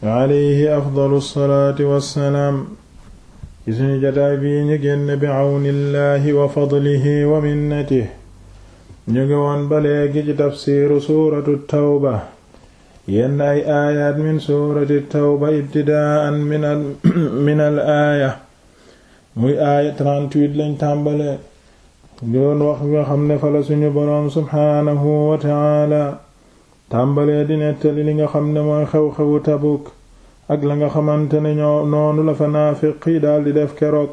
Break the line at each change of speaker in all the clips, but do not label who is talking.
alayhi afdalu salaati wassalaam ci suñu jataay bii ñu génn bi àwnillaahi wa fadlihi wa minnatihi ñu ngi woon ba léegi ci tafsiiru suuratu tawba yenn ay aayaat min suurati tawba ibtidaa'an min al aaya muy aaya 38 lañ tàmbale doon wax nga xam ne fala suñu boroom subhaanahu wa tàmbalee di nettali li nga xam ne mooy xew-xewu Tabuk ak la nga xamante ne ñoo noonu la fa naafiq yi daldi def keroog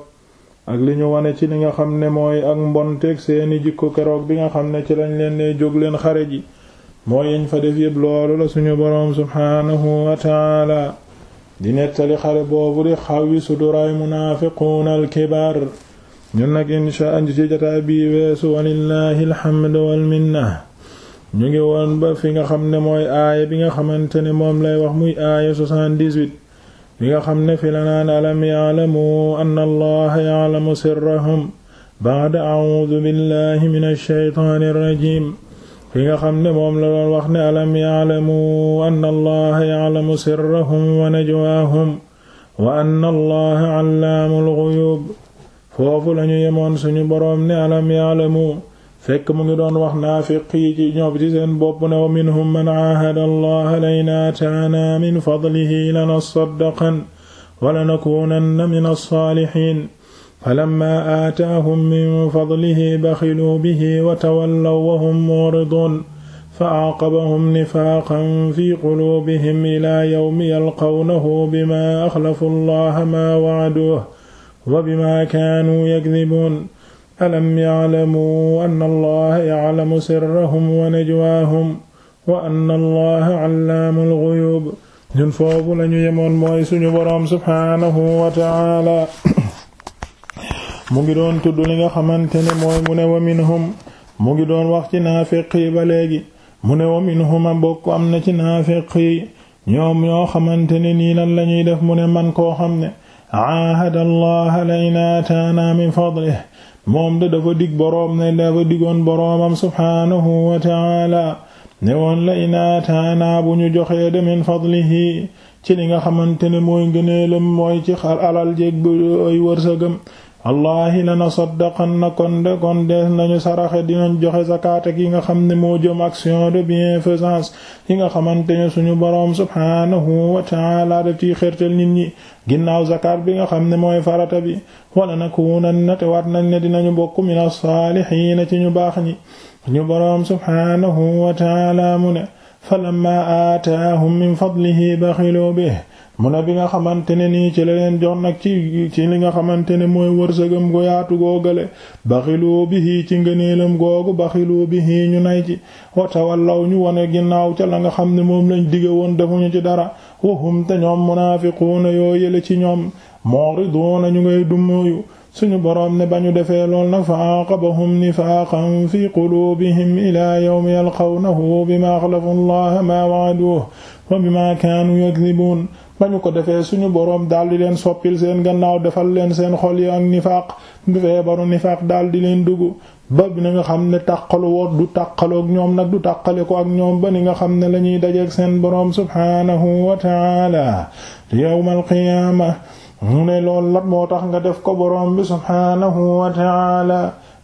ak li ñu wane ci li nga xam ne mooy ak mbonteeg seeni jikku keroog bi nga xam ne ci lañ leen jóg leen xare ji mooy yiñ fa def yépp loolu la suñu boroom subhaanahu wa taala di nettali xare boobu di xawi suduraay munaafiquuna alkibaar ñun nag insha an ci jotaay bii weesu walillahi alhamdu wal ñu ngi woon ba fi nga xam ne mooy aaya bi nga xamante ne moom lay wax muy aaya 78 bi nga xam ne fi la naan alam yaalamu anna allaha yaalamu sirrahum ba'da a'uudu billahi minash shaytaanir rajiim xam ne moom la wax ne alam yaalamu anna allaha yaalamu sirrahum wa najwaahum wa anna allaha allaamul ghuyuub foofu lañu yemoon suñu boroom ne alam yaalamu fekk mu ngi doon wax naafiq yi ci ñoom ci seen bopp ne wa minhum man aahada allah layn aataana min fadlihi lanasaddaqan walanakuunanna min alsaalihin falamma aataahum min fadlihi baxiluu bihi wa tawallaw wa hum muridun fa aaqabahum nifaaqan fi quluubihim ilaa yawmi yalqawnahu bimaa axlafu allaha maa wacaduuh wa bimaa kaanuu yakdibuun alam ya'lamu anna allaha ya'lamu sirrahum wa najwaahum wa anna allaha 'allaamul ghuyuub ñun foofu lañu mooy suñu boroom subhaanahu mu ngi doon tudd li nga xamante ne mooy mu ne wa minhum mu ngi doon wax ci naafiq yi mu ne wa minhum a am na ci naafiq ñoom ñoo xamante ne nii lan lañuy def mu ne man koo xam ne aahada allaha la in aataana min fadlihi moom da dafa dig boroom ne dafa digoon boroomam subhaanahu wa ta'ala ne woon la inaataanaa bu ñu joxee de min fadlihi ci li nga xamante ne mooy ngëneelam mooy ci xar alal jeeg bu ay wërsëgam wallaahi lana saddaqan na kon de kon des nañu saraxe dina joxe zakaata ki nga xam ne moo jëm action de bienfaisance ki nga xamante ne suñu boroom subhaanahu wa ta'ala daf ciy xertal nit ñi ginnaaw zakaat bi nga xam ne mooy farata bi wala nakuunanna te waat nañ ne dinañu bokk min as-saalihiina ci ñu baax ñi suñu boroom subhaanahu wa ta'ala mu ne falammaa aataahum min fadlihi baxilu bihi mu ne bi nga xamante ne nii ci la leen jox nag ci ci li nga xamante ne mooy wërsëgam gu yaatu googale bi bihi ci ngëneelam googu bi bihi ñu nay ci watawallaw ñu wone ginnaaw ca la nga xam ne moom lañ digge woon defuñu ci dara wahum te ñoom munaafiquuna yoo yële ci ñoom mu'riduuna ñu ngay dummóoyu suñu boroom ne ba ñu defee lool nag fa aqabahum nifaaqan fi quluubihim ilaa yawmi yalqawnahu bimaa axlafu allaha maa wa'aduhu wa bimaa kaanu yakdibuun ba ñu ko defee suñu boroom daal di leen soppil seen gannaaw defal leen seen xol yi ak nifaaq du feebaru nifaaq daal di leen dugg ba bi nga xam ne tàqalu woon du tàqaloo ak ñoom nag du tàqale ko ak ñoom ba ni nga xam ne lañuy dajeek seen boroom subhaanahu wa taala yawmal qiyaama mu ne loolu lat moo tax nga def ko boroom bi subhaanahu wa taala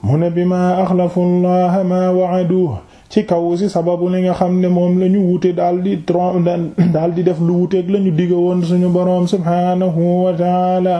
mu ne bimaa axlafu llaha maa wa'aduhu ci kaw si sababu li nga xam ne moom la ñu wute daal di trom daal di def lu wuteeg la ñu digga woon suñu boroom subhaanahu wa taala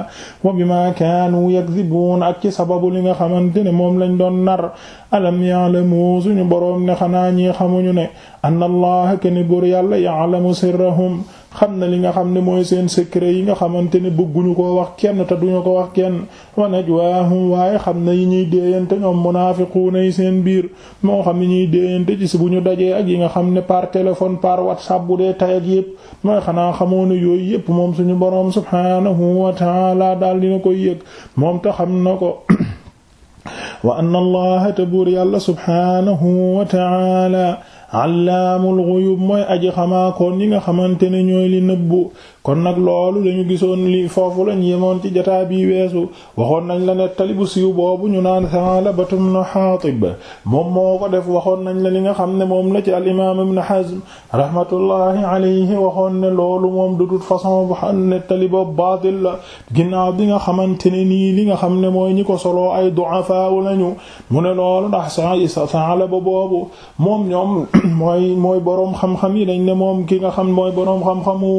wa bima kaanu yakdhibuun ak ci sababu li nga xamante ne moom lañ doon nar alam ya'lamu suñu borom ne xanaa ñi xamuñu ne anna allaha ken buur yàlla ya'lamu sirrahum xam na li nga xam ne mooy seen secret yi nga xamante ne bëgguñu koo wax kenn te duñu ko wax kenn wa najwaahum waaye xam na yi ñuy déeyante ñoom munaafiquuna yi seen biir moo xam yi ñuy déeyante ci bu ñu dajee ak yi nga xam ne par téléphone par whatsapp bu dee tay ak yépp mooy xanaa xamoo ne yooyu yépp moom suñu boroom subhaanahu wa ta'aala daal dina koy yëg moom te xam na ko wa anna allaha te buur yàlla subhaanahu wa allaamul ghuyub mooy aji xamaakoon yi nga xamante ne ñooy li nëbbu kon nag loolu dañu gisoon li foofu lañ yemoon ci jotaay bi weesu waxoon nañ la nettali bu siiw boobu ñu naan Saalaba ibn Haatib moom moo ko def waxoon nañ la li nga xam ne moom la ci al imaam ibn Hazm rahmatullahi alayhi waxoon ne loolu moom de toute façon waxoon nettali boobu baatil la ginnaaw bi nga xamante ne nii li nga xam ne mooy ñi ko soloo ay du'afa lañu mu ne loolu ndax Saalaba boobu moom ñoom mooy mooy boroom xam-xam yi dañ ne moom ki nga xam mooy boroom xam-xamu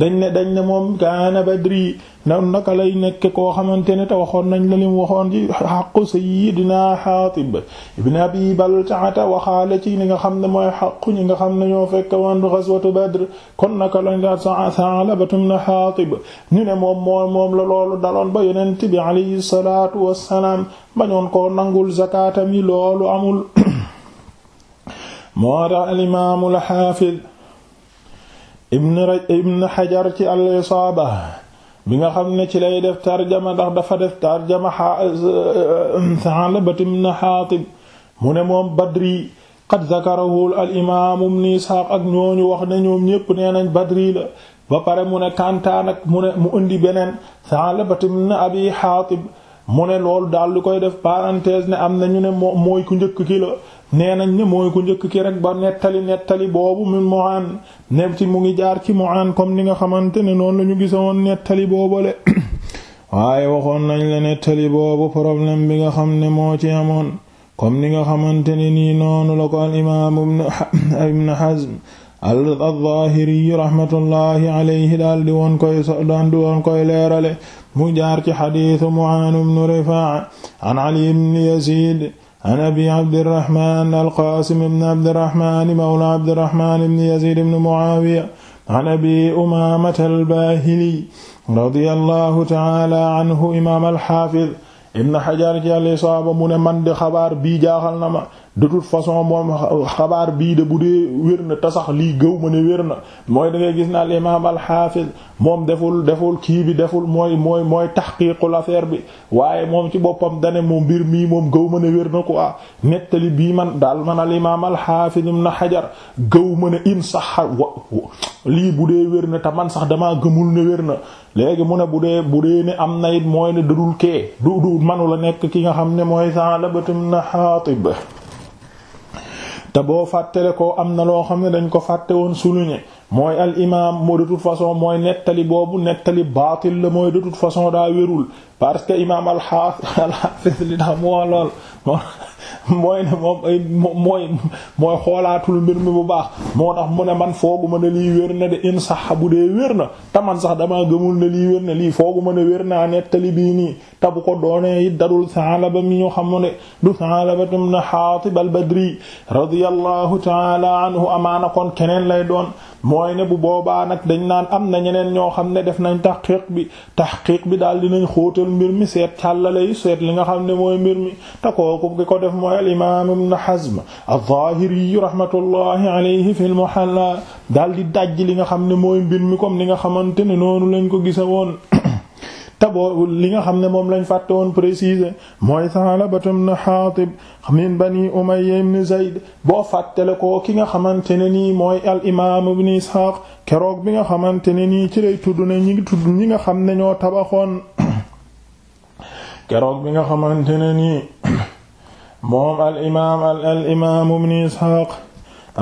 dañ ne dañ ne moom kaana badri nan naka lay nekk koo xamante ne te waxoon nañ la lim waxoon ci xaqu sayyidina Xaatib ibn Abi Baltaata waxaale ci li nga xam ne mooy xaqu ñi nga xam ne ñoo fekk woon ghazwatu Badr kon naka lañ la Sa'labatu ibn Xaatib ñu ne moom moom la loolu daloon ba yonent bi alayhi salaatu wassalaam bañoon ko nangul zakaatam yi loolu amul moo tax al imaamul xaafid ibn xajar ci al isaaba bi nga xam ne ci lay def tarjama ndax dafa def tarjama Sa'labat euh, euh, euh, ibn Haatib mu ne moom Badri qad zakarahu al imaam ibn Isxaaq ak ñooñu wax ne ñoom ñépp nee nañ Badri la ba pare mu ne Kantaa nag mu ne mu indi beneen Sa'labat ibn Abi Haatib mu ne loolu daal di koy def parenthèse ne am na ñu ne mooy ku njëkk ki la nee nañ ne mooy ku njëkk ki rek ba nettali nettali boobu min Mu'aan ne ci mu ngi jaar ci Mu'aan comme ni nga xamante ne noonu la ñu gisoon nettali boobale waaye waxoon nañ la nettali boobu problème bi nga xam ne moo ci amoon comme ni nga xamante ni nii noonu la ko al imaam Ibn Hazm al-Zaahiri rahmatullahi alayhi daal di woon koy daan di koy leerale mu jaar ci xadiisu Mu'aan ibn Rifaa'a an Ali ibn Yaziid an abi abdirahman alqaasim ibn abdirahman mawla abdirahman ibn yazid ibn muawiya an abi umaamata albaahili radiyallahu taala anhu imaam alxaafid ibn xajar ci al isaaba mu ne man de xabaar bii jaaxal na ma de toute façon moom xabaar bii de bu dee wér na te sax lii gëw ma ne wér na mooy dangay gis naa al imaam al xaafiz moom deful deful kii bi deful mooy mooy mooy tahqiqul affaire bi waaye moom ci boppam dane moom mbir mii moom gëw ma ne wér na quoi nettali bii man daal man al imaam al xaafiz ibn xajar gëw ma ne in sax wa lii bu dee wér na te man sax dama gëmul ne wér na léegi mu ne bu dee bu dee ne am na it mooy ne dadul kee du du manu nekk ki nga xam ne mooy Sa'laba ibn Haatib te boo fàttale ko am na loo xam ne dañ ko fàtte woon souligner mooy al imaam moo de toute façon mooy nettali boobu nettali baatil la mooy de toute façon daa wérul parce que imaam al xaafis al xaafis li daa mu wax lool mooy ne moom ay mooy mooy xoolaatul mbir mi bu baax moo tax mu ne man fooguma ne lii wér na de in sax bu dee wér na te sax damaa gëmul ne lii wér na lii fooguma ne wér naa nettali bii nii te bu ko doonee it dadul Saalaba mi ñu xam ne du Saalaba ibn Haatib al-Badri radiyallahu ta'ala anhu amaana kon keneen lay doon mooy ne bu boobaa nag dañ naan am na ñeneen ñoo xam ne def nañ taxqiq bi taxqiq bi daal nañ xóotal mbir mi seet càllale yi seet li nga xam ne mooy mbir mi te kooku ki ko def mooy al imaam ibn Hazm az-Zahiri rahmatullahi alayhi fi al-Muhalla daal di dajj li nga xam ne mooy mbir mi comme li nga xamante ne noonu lañ ko gisa woon te boo li nga xam ne moom lañ fàtte woon préciser mooy Sa'labatu ibn Haatib min Bani Umayya ibn Zayd boo fàttale ko ki nga xamante ne nii mooy al imaam ibn Isxaaq keroog bi nga xamante ne nii ci lay tudd ne ñi ngi tudd ñi nga xam ne ñoo tabaxoon keroog bi nga xamante ne nii moom al imaam al al imaam ibn Isxaaq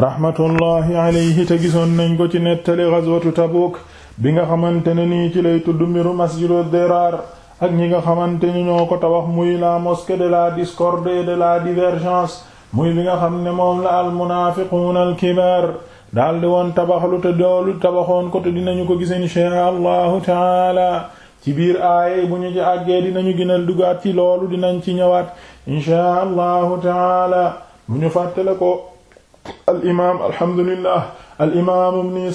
rahmatullahi alayhi te gisoon nañ ko ci nettali ghazwatu Tabuk bi nga xamante ne nii ci lay tudd mbiru masjidu dirar ak ñi nga xamante ni ñoo ko tabax muy la mosquée de la discorde et de la divergence muy bi nga xam ne moom la al munaafiquun al kibaar daal di woon te doolu tabaxoon ko te dinañu ko gis inshaa allahu taala ci biir aaye bu ñu ci àggee dinañu gën a dugaat ci loolu dinañ ci ñëwaat inshaa allahu taala bu ñu fàttale ko al imaam alhamdulillah al imaam ibn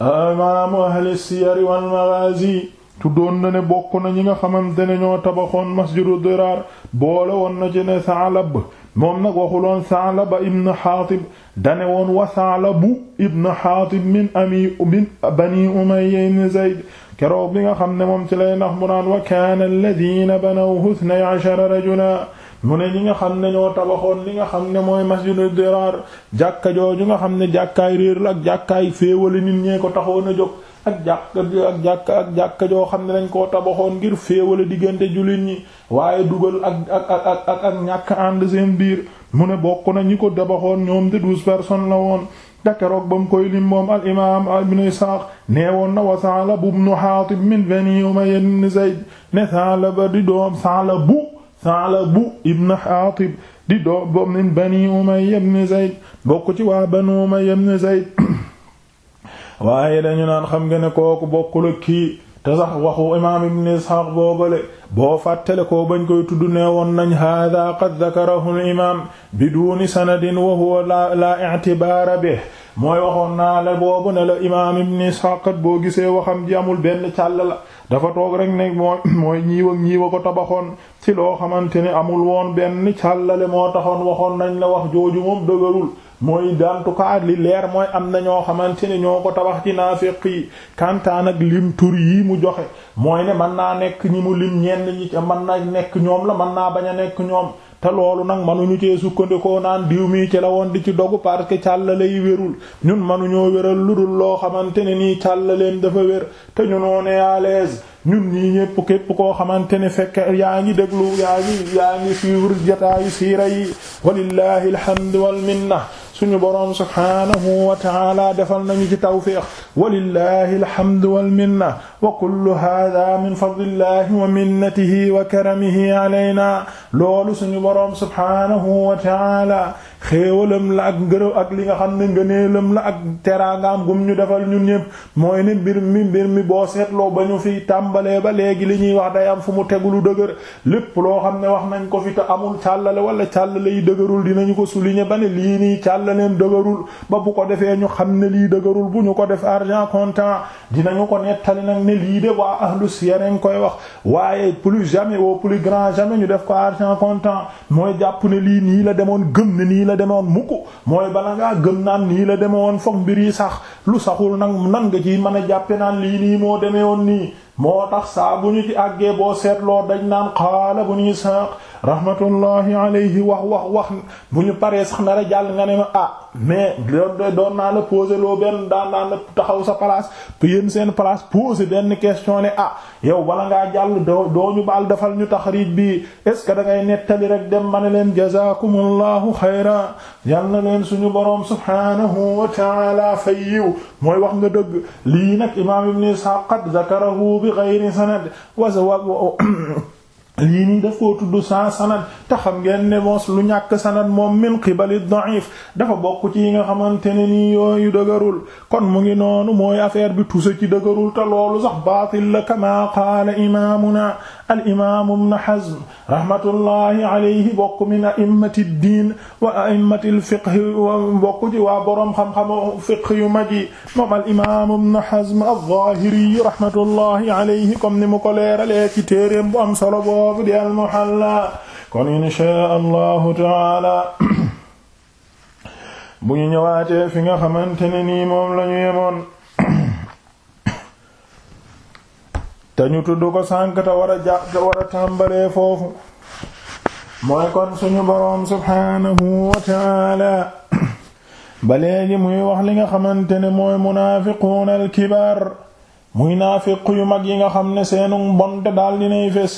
imaamu ahli siyari wal maghazi tuddoon na ne bokk na ñi nga xamante ne ñoo tabaxoon masjidu diraar boole woon na ci ne Saalab moom nag waxuloon Saalaba ibn Haatib dane woon wa Saalabu ibn Haatib min ami min bani Umayya ibn Zayd keroog bi nga xam ne moom ci lay nax mu naan wa kaana alladhiina banawhu ithnay ashara rajulan mu ne ñi nga xam ne ñoo tabaxoon li nga xam ne mooy masjidu dirar jàkka jooju nga xam ne jàkkaay réer la ak jàkkaay féewale nit ñee ko taxoon a jóg ak jàkka ak jàkka ak jàkka joo xam ne dañ koo tabaxoon ngir féewale diggante jullit ñi waaye dugal ak ak ñàkk ànd seen biir mu ne bokk na ñi ko tabaxoon ñoom de douze personnes la woon dakeroog ba mu koy lim moom al imaam ibn Isaaq nee woon na wa Sa'lab ibn Haatib min bani Umayya ibn Zayd ne ba di doom Sa'lab bu Thalabu ibn Hatib di doo bom min Bani Umayya ibn Zayd bokk ci waa Banu Umayya ibn Zayd waaye dañu naan xam nga ne kooku bokkul ki kii te sax waxu imaam ibn Ishaq boobale boo fàttale koo bañ koy tudd nee woon nañ hada qad dakarahu al imaam biduni sanadin wa huwa la i'tibaara bihi mooy waxoon naa la boobu ne la imaam ibn Ishaq boo gisee waxam ji amul benn càll la dafa toog rek ne mooy mooy ñiiw ak ñiiw a ko tabaxoon ci loo xamante ne amul woon benn càllale moo taxoon waxoon nañ la wax jooju moom dëgërul mooy en tout li leer mooy am na ñoo xamante ne ñoo ko tabax ci naafiq yi kantaan ak lim tur yii mu joxe mooy ne mën naa nekk ñi mu lim ñenn ñi man mën nekk ñoom la mën naa bañ a nekk ñoom te loolu nag ñu cee sukkandikoo naan diw mii ci la woon di ci dogu parce que càllale yi wérul ñun mënuñoo wéral lu dul loo xamante ne nii càllaleem dafa wér te ñu noone à ñun ñii ñépp képp koo xamante ne fekk yaa ngi déglu yaa ngi yaa ngi suivre jataayu siira yi walillahi alhamdu wal suñu boroom subhaanahu wa ta'ala defal nañu ci tawfiq walillahi alhamdu wal minna wa kullu hadha min fadlillahi wa minnatihi wa karamihi alayna loolu suñu boroom subhaanahu wa ta'ala xéewalam la ak ngërëm ak li nga xam ne ngëneelam la ak teraangaam gum ñu defal ñun ñëpp mooy ne mbir mi mbir mi boo seetloo ba ñu fi tàmbalee ba léegi li ñuy wax day am fu mu tegulu dëgër lépp loo xam ne wax nañ ko fi te amul càllale wala càllale yi dëgërul ñu ko souligner ba ne lii nii càllaleen dëgërul ba bu ko defee ñu xam ne lii dëgërul bu ñu ko def argent comptant dinañu ko nettali nag ne lii de waa ahlu siyar koy wax waaye plus jamais au plus grand jamais ñu def ko la demoon mukk mooy bala ngaa gën naan nii la demewoon foog mbir yi sax lu saxul nag nan nga ciy mën a jàppe naan lii nii moo woon nii moo tax saa bu ñu ci àggee boo seetloo dañ naan qaala bu ñu saq rahmatullahi alayhi wax wax wax bu ñu paree sax nara jàll nga ne ma ah mais doon naa la poser loo benn daan naa la taxaw sa place yéen seen place poser benn question ne ah yow bala ngaa jàll doo doo ñu baal defal ñu taxriij bi est ce que da ngay nettali rek dem ma ne leen jazaakumullahu xayran yal na leen suñu boroom subhaanahu wa ta'ala fa yiw mooy wax nga dëgg lii nag imaam ibn Isxaaq qad zakarahu bi ghayri sanad wa lii nii daf koo tudd sans sanad te xam ngeen ne mos lu ñàkk sanad moom min qibali da'if dafa bokk ci yi nga xamante ne nii yooyu dëgërul kon mu ngi noonu mooy affaire bi tusa ci dëgërul te loolu sax baatil la kama qaala imaamuna al imaam ibn Hazm rahmatullahi alayhi bokk min a'immati diin wa a'immati al fiqh wa bokk ci waa boroom xam-xamu fiqh yu mag yi moom al imaam ibn Hazm az-Zaahiri rahmatullahi alayhi comme ni mu ko leeralee ci téereem bu am solo boobu di al Muhalla kon inshaa Allahu ta'ala bu ñu ñëwaatee fi nga xamante ne nii moom la ñu yemoon te ñu tudd ko sànk te war a war a tàmbalee foofu mooy kon suñu boroom subhaanahu wa taala muy wax li nga xamante ne mooy munaafiquuna alkibaar muy naafiq yu mag yi nga xam ne seenu mbonte daal dinay fés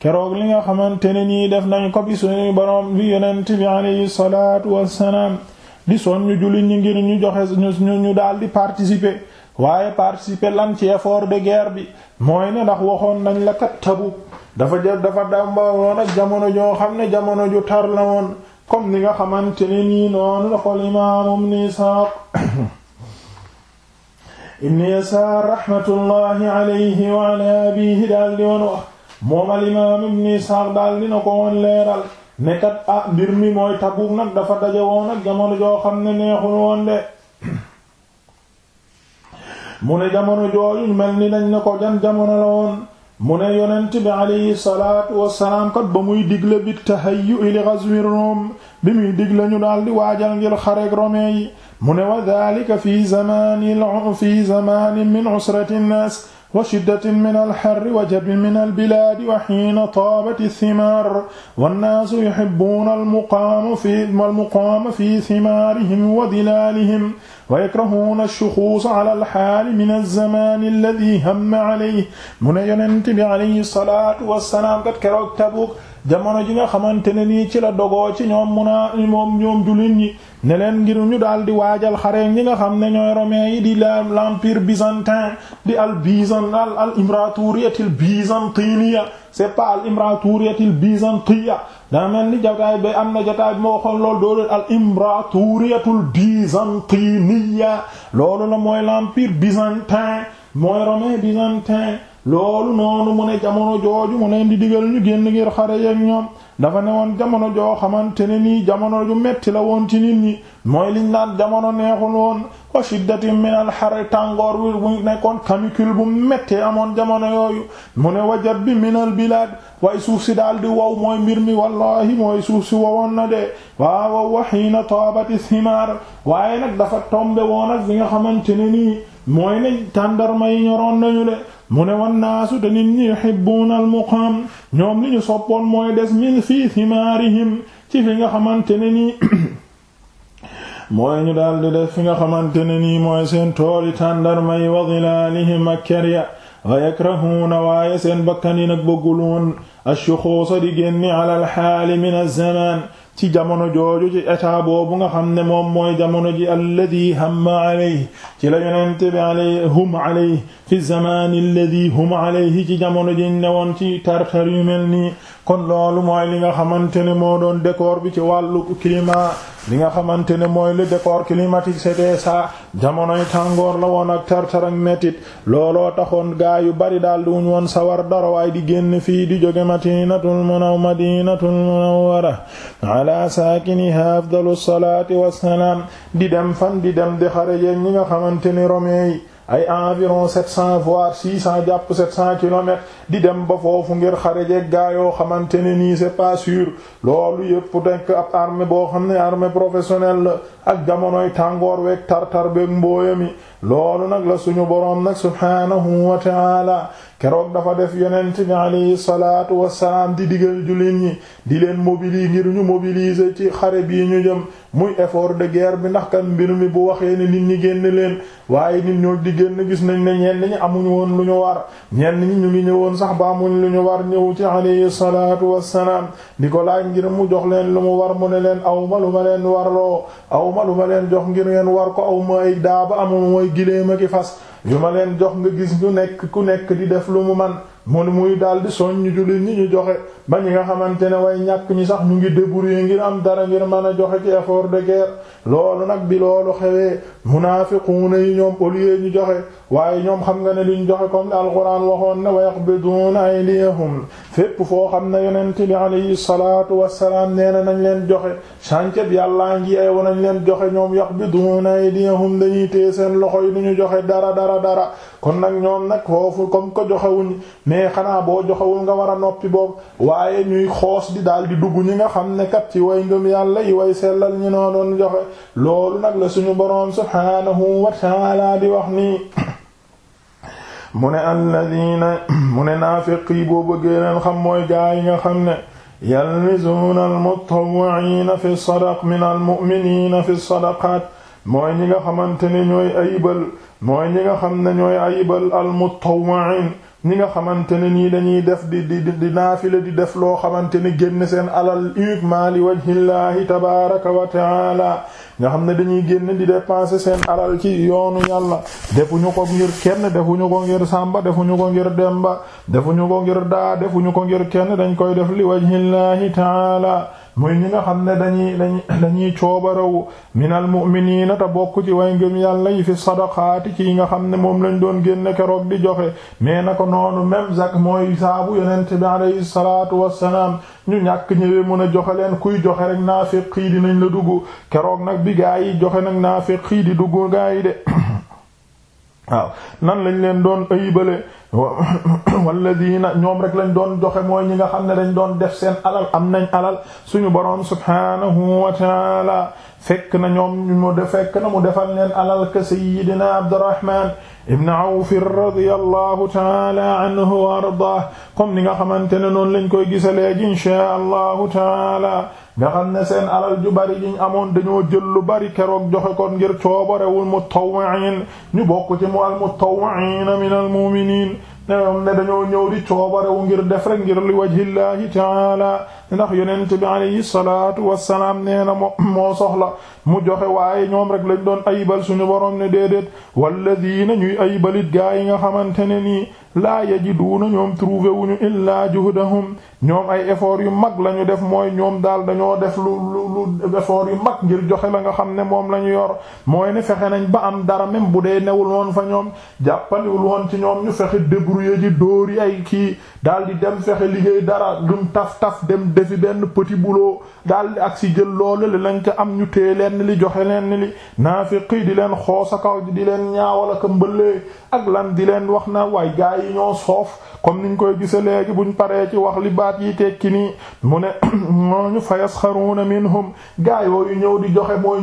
keroog li nga xamante ne nii def nañ ko bi suñu boroom bi yonent bi alayhi salaatu wassalaam di soññu jullit ñu joxe ñu ñu daal di participer waaye participer lan ci effort de bi mooy ne ndax waxoon nañ la kat Tabuk dafa jël dafa damba woon ak jamono joo xam ne jamono ju tar la woon comme ni nga xamante ni nii noonu la xool imaam ibn Isaaq ibn Yasaar rahmatullahi alayhi wa ala abihi daal di woon wax moom al imaam ibn Isaaq daal dina ko woon leeral nekkat ah mbir mi mooy Tabuk nag dafa daje woon ak jamono joo xam ne neexul woon de mu ne jamono jooju mel ni dañ ne ko jan jamono la woon mu ne yonent bi alayhi salaatu wassalaam kat ba muy digle bi tahayyu li ghazwi Rum bi muy digle ñu daal di waajal ngir xarek Romain yi mu ne wa dhalika fi zamaani fi zamaani min usrati nnaas wa shiddatin min alxarri wa jabin min albilaadi wa xiina taabat thimaar wannaasu yuhibbuuna almuqaama fi almuqaama fi thimaarihim wa dilaalihim wa yakrahuuna alshuxuusa ala alxaali min alzamaani alladi hamma alayhi mu ne yonent bi alayhi salaatu wassalaam kat keroog Tabuuk jamono ji nga xamante ne nii ci la dogoo ci ñoom munaa moom ñoom jullit ñi ne leen ngir ñu daal di waajal xare ñi nga xam ne ñooy romains yi di l'empire byzantin di al bizan al al imraturiyatil byzantiniya c'est pas al imraturiyatil byzantiya daa mel ni jotaay ba am na jotaay bi ma waxoon loolu dooleel al imraturiyatul byzantiniya loolu la mooy l'empire byzantin mooy romain byzantin loolu noonu mu ne jamono jooju mu leen di digal nu génn ngir xare yeeg ñoom dafa ne woon jamono joo xamante ne nii jamono ju metti la woon ci nit ñi mooy liñ naan jamono neexul woon wa shiddatin min har tàngoor wi mu nekkoon canicule bu méttee amoon jamono yooyu mu ne wajat bi min al bilad way suuf si daal di waw mooy mbir mi wallahi mooy suuf si wowoon na de waaw wa hiina taabati thimaar waaye nag dafa tombe woon ak bi nga xamante ne nii mooy ne tàndarma yi ñoroon nañu de mu ne wan naasu te nit ñi yuhibbuuna almuqaam ñoom li ñu soppoon mooy des min fii thimaarihim ci fi nga xamante ne nii mooy ñu daal di fi nga xamante ne ni mooy seen tooli tàndarma yi wa dhilaalihim ak kerya wa yakrahuuna waaye seen bakkan yi nag bëggul woon ashuxuusa di génni ala alxaali min azzamaan ci jamono jooju ci état boobu nga xam ne moom mooy jamono ji alladi hamma alayhi ci la yonent bi alayhi hum alayhi fi zamani alladi hum alayhi ci jamono ji newoon ci tartar yu mel nii kon loolu mooy li nga xamante ne moo doon décor bi ci wàllu climat li nga xamante ne mooy le décor climatique c'était ça jamonoy tàngoor la woon ak tartar ak mettit looloo taxoon gaa yu bari daal di wuñ sawar dara waaye di génn fii di jóge madinatul munaw madinatul munawwara ala saakiniha afdalu salaati wassalaam di dem fan di dem di xare yeen ñi nga xamante ni romains ay environ sept cent voire six jàpp sept cent kilomètres di dem ba foofu ngir xarejeeg gaa yoo xamante ne nii c'est pas sûr loolu yëpp nekk ab armée boo xam ne armée professionnelle la ak jamonoy tàngoor weeg tartar beeg mi loolu nag la suñu boroom nag subhaanahu wa taala keroog dafa def yeneen yonent bi alayhi salaatu wassalaam di digal jullit ñi di leen mobiliser ngir ñu mobiliser ci xare bii ñu jëm muy effort de guerre bi ndax kan mbir mi bu waxee ne nit ñi génn leen waaye nit ñoo di génn gis nañ ne ñenn ñi amuñu ñu war sax ba amuñ lu ñu war ñëw ci alayhi salaatu wassalaam di ko laaj ngir mu jox leen lu mu war mu ne leen aw ma lu ma leen warloo aw ma lu ma leen jox ngir ngeen war ko aw ma ay daaba amul mooy gileema ki fas yu ma leen jox nga gis ñu nekk ku nekk di def lu mu man mun muy daldi soññ jullit ñi ñu ñu joxe ba ñi nga xamante ne way ñàkk ñi sax ñu ngi yi ngir am dara ngir mën a joxe ci effort de guerre loolu nag bi loolu xewee munaafiquuna yi ñoom au lieu ñu joxe waaye ñoom xam nga ne liñ joxe comme alquran waxoon ne wa du yaqbiduuna aydiyahum fépp foo xam ne yonent bi alayhi salaatu wassalaam nee na nañ leen joxe sànceb yàlla ngi ay wanañ leen joxe ñoom yaqbiduuna aydiyahum dañuy téye seen loxo yi du ñu joxe dara dara dara kon nag ñoom nag foofu comme ko joxewuñ mais xanaa boo joxewul nga war a noppi boobu waaye ñuy xoos di daal di dugg ñi nga xam ne kat ci way nga yàlla yi way sellal ñu noo doon joxe loolu nag la suñu boroom subhaanahu wa ta'ala di wax nii mu ne alladina mu ne naafiq yi boo bëggee xam mooy gaa yi nga xam ne yalmizuuna almutawwi'iina fi sadaq min almu'miniina fi sadaqaat mooy ñi nga xamante ne ñooy ayibal mooy ñi nga xam ne ñooy ayibal almutawwi'in ñi nga xamante ne nii dañuy def di di di naafila di def loo xamante ne génn seen alal uniquement li wajhillaahi tabaaraka wa ta'aala nga xam ne dañuy génn di dépenser seen alal ci yoonu yàlla defuñu ko ngir kenn defuñu ko ngir sàmba defuñu ko ngir demba defuñu ko ngir daa defuñu ko ngir kenn dañ koy def li wajhillaahi ta'aala muy ñi nga xam ne dañuy dañuy dañuy coobarawu minal mu'miniina te bokk ci way ngëm yàlla yi fi sadaqaati ci yi nga xam ne moom lañ doon génne keroog di joxe mais na ko noonu même zak mooy saabu yonent bi alayhi salaatu wassalaam ñu ñàkk ñëwee mën a joxe leen kuy joxe rek naafiq yi dinañ la dugg keroog nag bi gaa yi joxe nag naafiq yi di dugg gaa yi de waaw nan lañ leen doon ayibale walladina ñoom rek lañ doon joxe mooy ñi nga xam ne dañ doon def seen alal am nañ alal suñu boroom subhanahu wa taala fekk na ñoom mu de fekk na mu defal leen alal ka sayyidina Abdurrahman ibn Awf radiyallahu taala anhu wa ardah comme ni nga xamante ne noonu lañ koy gisa léegi inshaa allahu taala nga xam ne seen alal ju bari yiñ amoon dañoo jël lu bari keroog joxe kon ngir coobarewul mutawwi'in ñu bokk ci mu al mutawwi'ina min al mu'minin ne dañoo ñëw di coobarewu ngir def rek ngir li wajhillahi ta'ala ndax yonent bi alayhi salaatu wassalaam nee na moo moo soxla mu joxe waaye ñoom rek lañ doon ayibal suñu borom ne déedéet walladiina ñuy ayibalit gaa yi nga xamante ne nii laa yajiduuna ñoom trouvé wuñu illaa juhdahum ñoom ay effort yu mag la ñu def mooy ñoom daal dañoo def lu lu lu yu mag ngir joxe la nga xam ne moom la ñu yor mooy ne fexe nañ ba am dara même bu dee newul woon fa ñoom jàppaliwul woon ci ñoom ñu fexe débrouiller ji dóor yi ay kii daal di dem fexe liggéey dara dum taf taf dem defi benn petit boulot daldi ak si jël loolu li lañ ca am ñu téye leen li joxe leen li naafiqi di leen xoosa kaw di leen ñaawal ak mbëlee ak lan di leen wax naa waay gaa yi ñoo soof comme niñ koy gisa léegi buñ paree ci wax li baat yi tekki nii mu ne ñu fa yasxaruuna minhum gaa yu ñëw di joxe mooy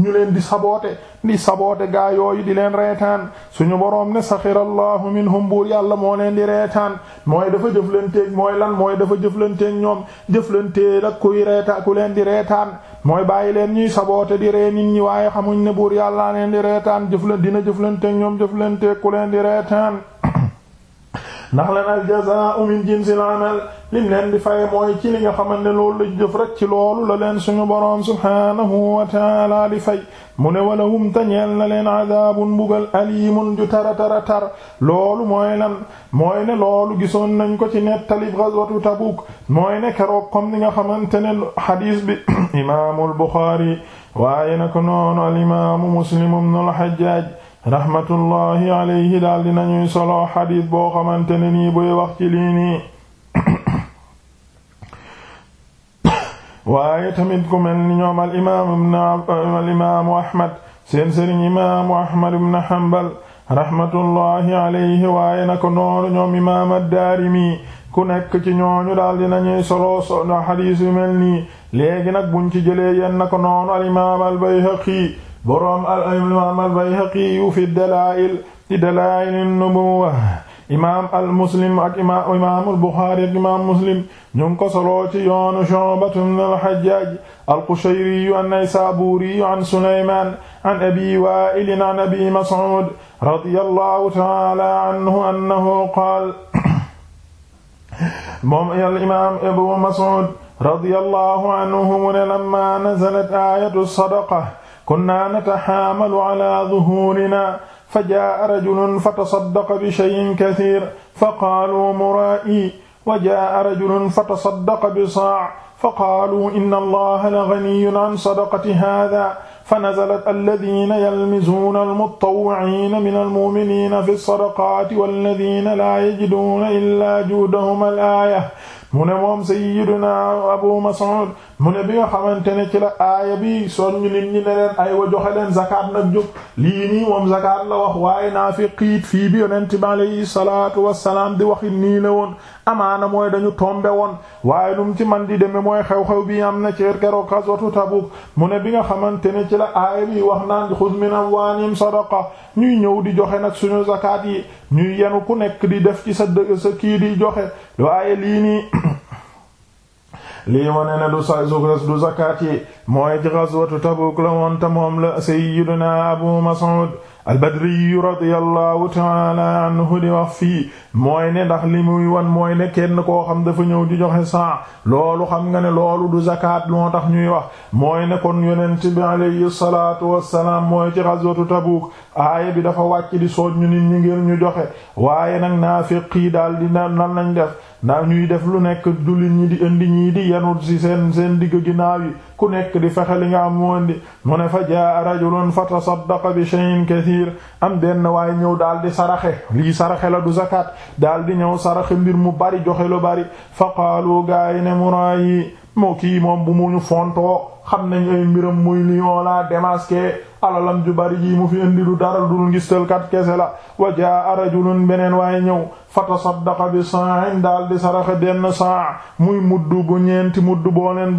ñu leen di saboote di saboote gaa yooyu di leen reetaan suñu borom ne saxirallahu minhum buur yàlla moo leen di reetaan mooy dafa jëflanteeg mooy lan mooy dafa jëflanteeg ñoom jëflanteeg ak kuy reetaan ku leen di reetaan mooy bàyyi leen ñuy saboote di ree nit ñi waaye xamuñ ne buur yàlla leen di reetaan jëflan dina jëflanteeg ñoom jëflanteeg ku leen di reetaan ndax leen al jazaa'u min jinsil amal lim leen di fay mooy ci li nga xamante ne loolu lañ jëf rek ci loolu la leen suñu boroom subhaanahu wa taala di fay mu ne wala hum tañeel na leen adaabun mbugal alimun ju tara tara tar loolu mooy lan mooy ne loolu gisoon nañ ko ci nettali ghazwatu Tabuk mooy ne keroog comme ni nga xamante ne xadiis bi imaamul Buxaari waaye nag noonu al imaamu Muslim ibnul Hajjaaj rahmatullahi alayhi daal dinañuy solo xadiis boo xamante ne nii buy wax ci lii nii waaye tamit ku mel ni ñoom al imaam al imaamu ahmad seen sëriñ waaye naka noonu ñoom imaam daarimi ku nekk ci ñooñu daal dinañuy solo solo xadiis yu mel nii léegi nag buñ ci jëlee yenn naka noonu al imaam al bayhaqi boroom al imaam al bayhaqi fi dalaa'il ci dalaa'ilin nubuwwa imaam al muslim ak imaam imaamul buxaari ak imaam muslim ñu ngi ko soloo ci yoonu Shu'batu min al Hajjaaj al Qushayri an Naysaabuuri an Sulaymaan an Abi Waa'il an Abi Mas'uud radiyallaahu ta'aalaa anhu annahu qaala moom al imaam Abu Mas'uud radiyallaahu anhu lammaa nazalat aayatu sadaqa kunna natahaamalu ala zuhuurinaa fa jaa'a rajulun fatasaddaqa bi shay'in kathiir fa qaaluu muraa'i wa jaa'a rajulun fatasaddaqa bi saa' fa qaaluu inna allaha laghaniyun an sadaqati haadhaa فنزلت الذين يلمزون المتطوعين من المؤمنين في الصدقات والذين لا يجدون إلا جهدهم الآية mu ne moom sayyiduna Abu Mas'ud mu ne bi nga xamante ne ci la aaya bi soon ñu nit ñi ne leen ay wa joxe leen zakat nag jóg lii nii moom la wax waaye naa fi xiit fii bi yonent bi alayhi salaatu wassalaam di waxi nii la woon amaana mooy dañu tombe woon waaye num ci man di demee mooy xew-xew bi am na ci keroog xaswatu Tabuk mu bi nga xamante ne ci la aaya bi wax naan xuz min amwaanihim sadaqa ñuy ñëw di joxe nag suñu zakat yi ñuy yenu ku nekk di def ci sa sa kii di joxe lii wane ne du sa du zakat yi mooy ci ghazwatu Tabuk la woon te moom la sayyiduna Abu Mas'ud al-Badri radiyallahu ta'ala anhu di wax fii mooy ne ndax li muy wan mooy ne kenn koo xam dafa ñëw di joxe sa loolu xam nga ne loolu du zakat moo tax ñuy wax mooy ne kon yonent bi alayhi salaatu wassalaam mooy ci ghazwatu Tabuk aaya bi dafa wàcc di soot ñu nit ñi ngir ñu joxe waaye nag naafiq yi daal di nan nañ def ndax ñuy def lu nekk jullit ñi di indi ñii di yenut ci seen seen digg ginnaaw yi ku nekk di fexe li nga am moon di mu ne fa jaa rajulun fa tasaddaqa bi shay'in kathir am benn waaye ñëw daal di saraxe lii saraxe la du zakat daal di ñëw saraxe mbir mu bari joxe lu bari fa qaalu gaa yi ne yi moo kii moom bu mu ñu fontoo xam nañ ay mbiram muy lion la démasqué alalam ju bari ji mu fi indi du dara dul ngistalkat kese la wa jaa rajulun beneen waaye ñëw fa tasaddaqa bi sa'in daal di saraxe benn saa muy muddu bu ñeenti muddu boo leen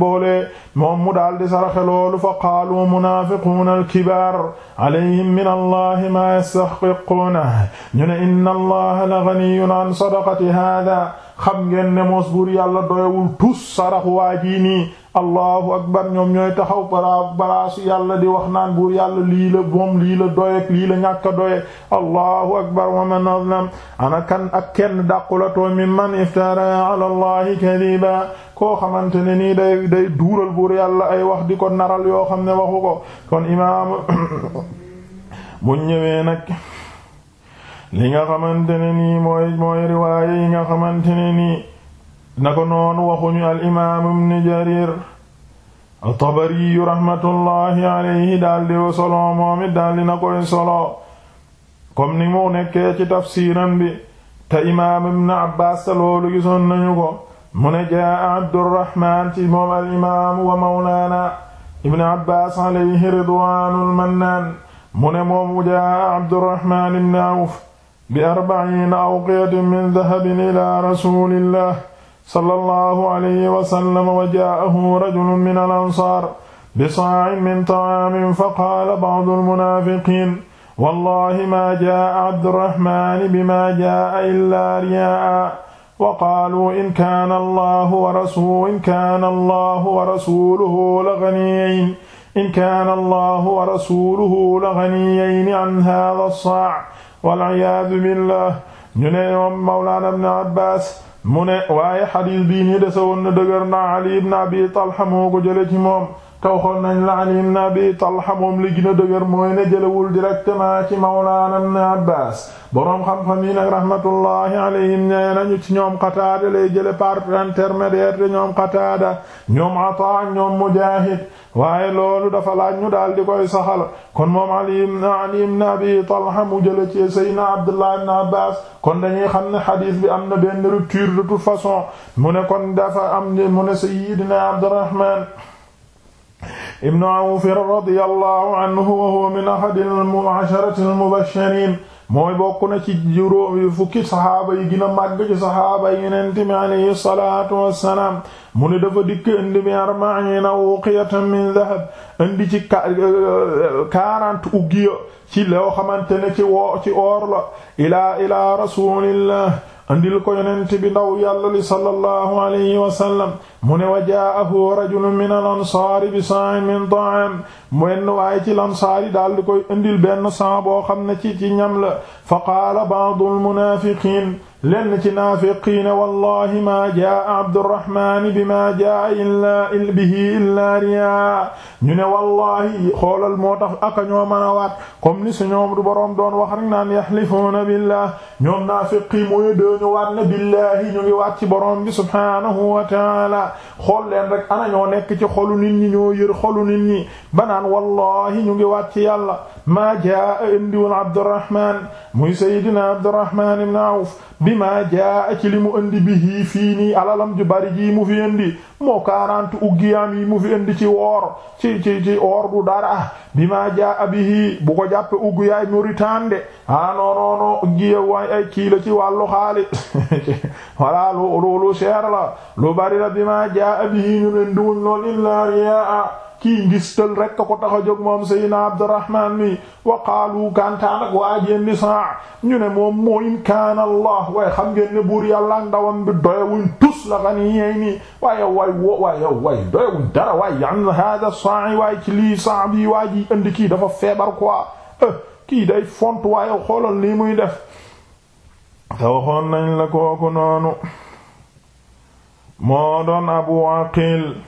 moom mu daal di saraxe loolu fa qaalu munaafiquuna alkibaar alayhim min allahi maa yastaxiquuna ñu ne inna allaha la ghaniyyun an sadaqati haada xam ngeen ne moos doyawul tus sarax waa ji allahu akbar ñoom ñooy taxaw bara baraasu yàlla di wax naan buur yàlla lii la moom lii la doyeg lii la ñàkk a doyeg allahu akbar wa man azlam ak kenn dàqulatoo min man iftara kadiba koo xamante ne nii day day duural buur yàlla ay wax di ko naral yoo xam ne waxu ko kon imaam bu ñëwee nag li nga xamante nii mooy mooy riwaaya yi nga xamante nii na ko noonu waxuñu al imaam ibn jarir at-Tabari rahmatullahi alayhi daldi wa solo moom it daldi na koy solo comme ni mu nekkee ci tafsiiram bi te imaam ibn Abbaas te loolu gisoon nañu ko mu ne jaa Abdurrahmaan ci moom al imaam wa mawlaana ibn Abbaas alayhi ridwaanul mannaan mu ne moom jaa Abdurrahmaan ibn Awf bi arba'iina awqiyatin min dahabin ilaa rasuulillah sallallahu alayhi wa sallam wa jaa'ahu rajulun min al-ansaar bisaa'in min ta'aamin fa qaala ba'du al-munaafiqiin wallahi maa jaa'a Abdurrahmaan bimaa jaa'a illaa riyaa'an wa qaaluu in kaana Allahu wa rasuluhu in kaana Allahu wa rasuluhu la ganiyayni in kaana Allahu wa rasuluhu la ganiyayni an haadha as-saa' wal-'iyaadhu billah ñu ne moom Mawlaana Ibn Abbaas mu ne waaye xadiis bii nii dese woon na dëgër na Ali ibn Abi Talha moo ko jële ci moom tawaxoon nañ la Ali ibn Abi Talha moom li gën a dëgër mooy ne jëlawul directement ci Mawlaana na Abbaas boroom xam-xam yi nag rahmatullahi alayhim nee nañu ci ñoom Qataada lay jële par intermédiaire de ñoom Qataada ñoom Ataa ñoom Mujaahid waaye loolu dafa laaj ñu daal di koy saxal kon moom Ali ibn Abi Talha mu jële ci Seydina Abdullah ibn Abbaas kon dañuy xam ne xadiis bi am na benn rupture de toute façon mu kon am mu ibnu awf radiyallahu anhu wa huwa min ahadi al-asharati al-mubashshirin mooy bokk na ci juróom fukki saxaaba yi gën a màgg ci saxaaba yi Yonent bi alayhi salaatu wassalaam mu ne dafa dikk indi bi arba'iina uqiyatan min dahab indi ci quarante ugiya ci loo xamante ne ci woo ci or la ilaa ilaa rasulillah andil ko yonent bi ndaw yàlla li sallallahu alayhi wa sallam mu ne wa jaahu rajulun min al ansaari bi sa'in min ta'am wenn waaye ci lansaari daal di koy indil benn saa boo xam ne ci ci ñam la fa qaala ba'dul munaafiqiin lenn ci naafiqiina wallahi maa jaa abdurrahman bi maa jaa illaa bihi illaa riyaa ñu ne wallahi xoolal moo tax aka ñoo mën a waat comme ni su ñoom du boroom doon wax rek naan yaxlifuuna billah ñoom naafiqi mooy dooñu waat ne billahi ñu ngi waat ci boroom bi subhaanahu wa taala xool leen rek ana ñoo nekk ci xolu nit ñi ñoo yër xolu nit ñi banaan wallahi ñu ngi waat ci yàlla maa jaa indiwul Abdurrahman muy Seydina Abdurrahman ibn Awf bi maa jaa ci li mu indi bihi fii nii alalam ju bari ji mu fi indi moo quarante uggiyaam yi mu fi indi ci woor ci ci ci or du dara bi maa jaa bihi bu ko jàppe uggiyaay Mauritanie de ah non non non uggiya waay ay kii ci wàllu xaalis voilà lu lu lu la lu bari la bi maa jaa bihi ñu leen duwul lool illa riyaa kii ngistal rek ko tax a jóg moom Seydina Abdurrahman wa qaalu kantaan ak waa jéndi saa ñu ne moom moo in kaana Allah waaye xam ngeen ne buur yàlla ak ndawam bi doyawuñ tus la xani yeey nii waaye waay waay waay doyawuñ dara waay an hada sa'i waay ci lii saa bi ji indi kii dafa feebar quoi eh, kii day font waaye xoolal nii muy def te waxoon la kooku noonu moo Abu Aqil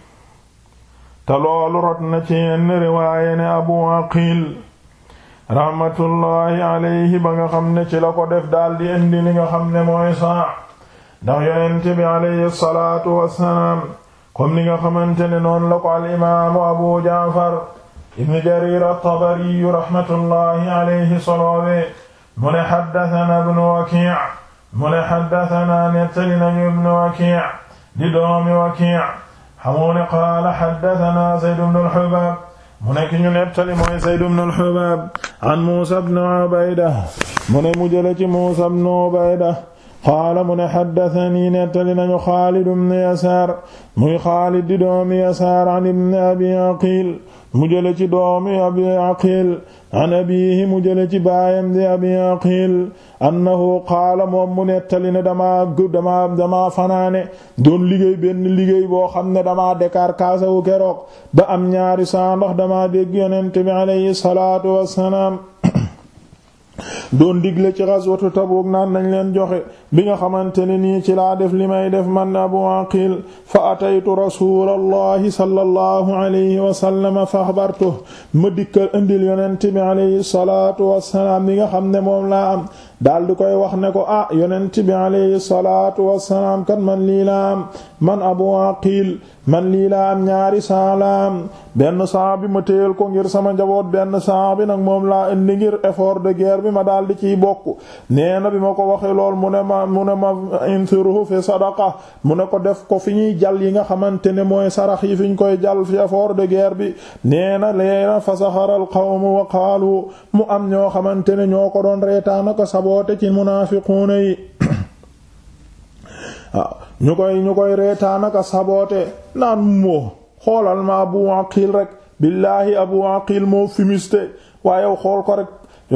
te loolu rot na ci yenn riwaaye ne abu aqil rahmatullahi alayhi ba nga xam la ko def daal indi li nga xam ne mooy saa ndax yonent bi alayhi salaatu wassalaam comme ni nga xamante ne noonu la ko al imaamu jaafar ibn jarir tabari rahmatullahi alayhi solowee mu ne xaddatana ibnu waki' mu ne xaddatana nettali nañu ibnu di doomi waki' xamoo ne qaala xaddatanaa Zayd ibn al-Hubaab mu nekk ñu nettali mooy Zayd ibn al-Hubaab an Muusaa ibn Ubayda mu ne mu jële ci Muusaa ibn Ubayda qaala mu ne xaddatanii nettali nañu Xaalid ibn Yasaar muy Xaalid di doomi Yasaar an ibn Abi Aqiil mu jële ci doomi Abi Aqiil an abiihi mu jële ci baayam di abi aqil annahu qaala moom mu nettali ne damaa dama damaa fanaane doon liggéey benn liggéey boo xam ne damaa dekaar kaasawu keroog ba am ñaari saa dama damaa dégg yonent bi salaatu wassalaam doon digle ci ghazwatu Tabuk naan nañ leen joxe bi nga xamante ne nii ci la def li may def man Abu Aqil fa ataytu rasulallahi sallallahu alayhi wa sallam fa akhbartuhu ma dikkal indil yonent bi alayhi salaatu wassalaam li nga xam ne moom laa am daal di koy wax ne ko ah yonent bi alayhi salaatu wassalaam kat man li laa am man abu aqil man lii laa am ñaari saalaam benn saa bi ma téyel ko ngir sama njaboot benn saa bi nag moom laa indi ngir effort de guerre bi ma daal di ciy bokk nee na bi ma ko waxee lool mu ne ma mu ne ma infiruhu fi sadaqa mu ne ko def ko fi ñuy jàll yi nga xamante ne mooy sarax yi fi koy jàll fi effort de guerre bi nee na leena fasaxaral qawmu wa qaalu mu am ñoo xamante ne ñoo ko doon reetaana ko saboote ci munaafiquuna yi waaw ah, ñu koy ñu koy reetaanaka saboote naan moo xoolal ma abu aqil rek billaahi abu aqil moo fumiste waaye xool ko rek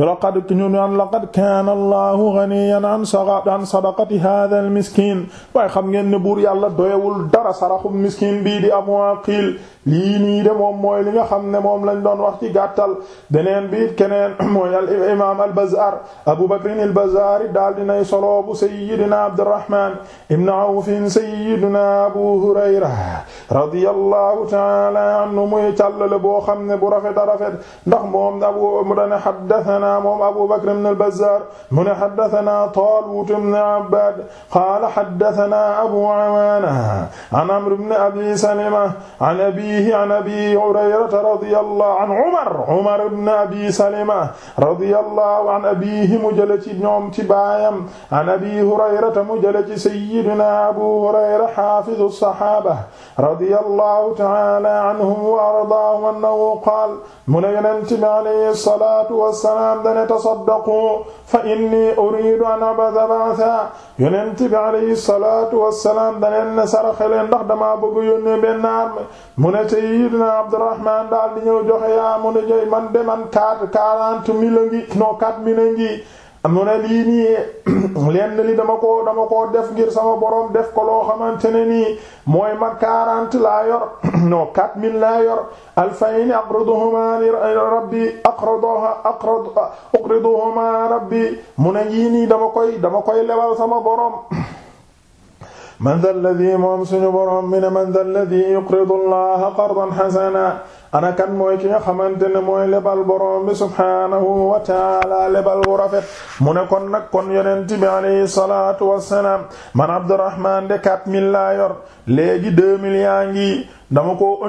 laqad ñu naan laqad kaana allahu ghaniyan an sadaqati hadha al miskin waaye xam ngeen ne buur yàlla doyewul dara saraxum miskin bii di abu aqil lii nii de moom mooy li nga xam ne moom lañ doon wax ci gàttal beneen biit keneen mooy al imaam al Bazzaar Abu Bakr al Bazzaar daal dinay solo bu sayyidina Abdurrahman ibn Awf sayyidina Abu Hurayra radiyallahu ta'ala anhu muy càllale boo xam ne bu rafet a rafet ndax moom abu mu dane haddathana moom Abu Bakr ibn al Bazzaar mu ne haddathana Taalut ibn Abbad qaala haddathana Abu Awaana an Amr ibn Abi Salima an abi abiihi an abi hurayrata radiyallahu an umar umar ibn abi salima radiyallahu an abiihi mu jële ci ñoom ci baayam an abi hurayrata mu jële ci sayyidina abu hurayra hafizu sahaba radiyallahu ta'ala anhum wa ardaahum annahu qaala mu ne yonent bi alayhi salaatu wassalaam dane tasaddaqu fa inni uridu an abada ba'sa yonent bi alayhi salaatu wassalaam dane na saraxeleen ndax dama bëgg yónnee benn arme mu ne ne Seydina Abdurrahman daal di ñëw joxe yaa mu ne ñooy man de man quatre quarante mille a ngi non quatre mille a ngi mu ne lii nii lenn li dama ko dama ko def ngir sama borom def ko loo xamante ne nii mooy man quarante laa yor no quatre mille laa yor alfayni aqriduhuma rabbi aqriduha aqriduhuma rabbi mu ne yii nii dama koy dama koy lewal sama borom man dal ladhi moom suñu boroom mi ne man dal ladhi yuqridu allaha qardan hasana ana kan mooy ki nga xamante ne mooy lebal boroom bi subhaanahu wa taala lebal wu rafet mu ne kon nag kon yonent bi alayhi salaatu wassalaam man Abdurrahman de 4000 laa yor léegi 2000 yaa ngi dama koo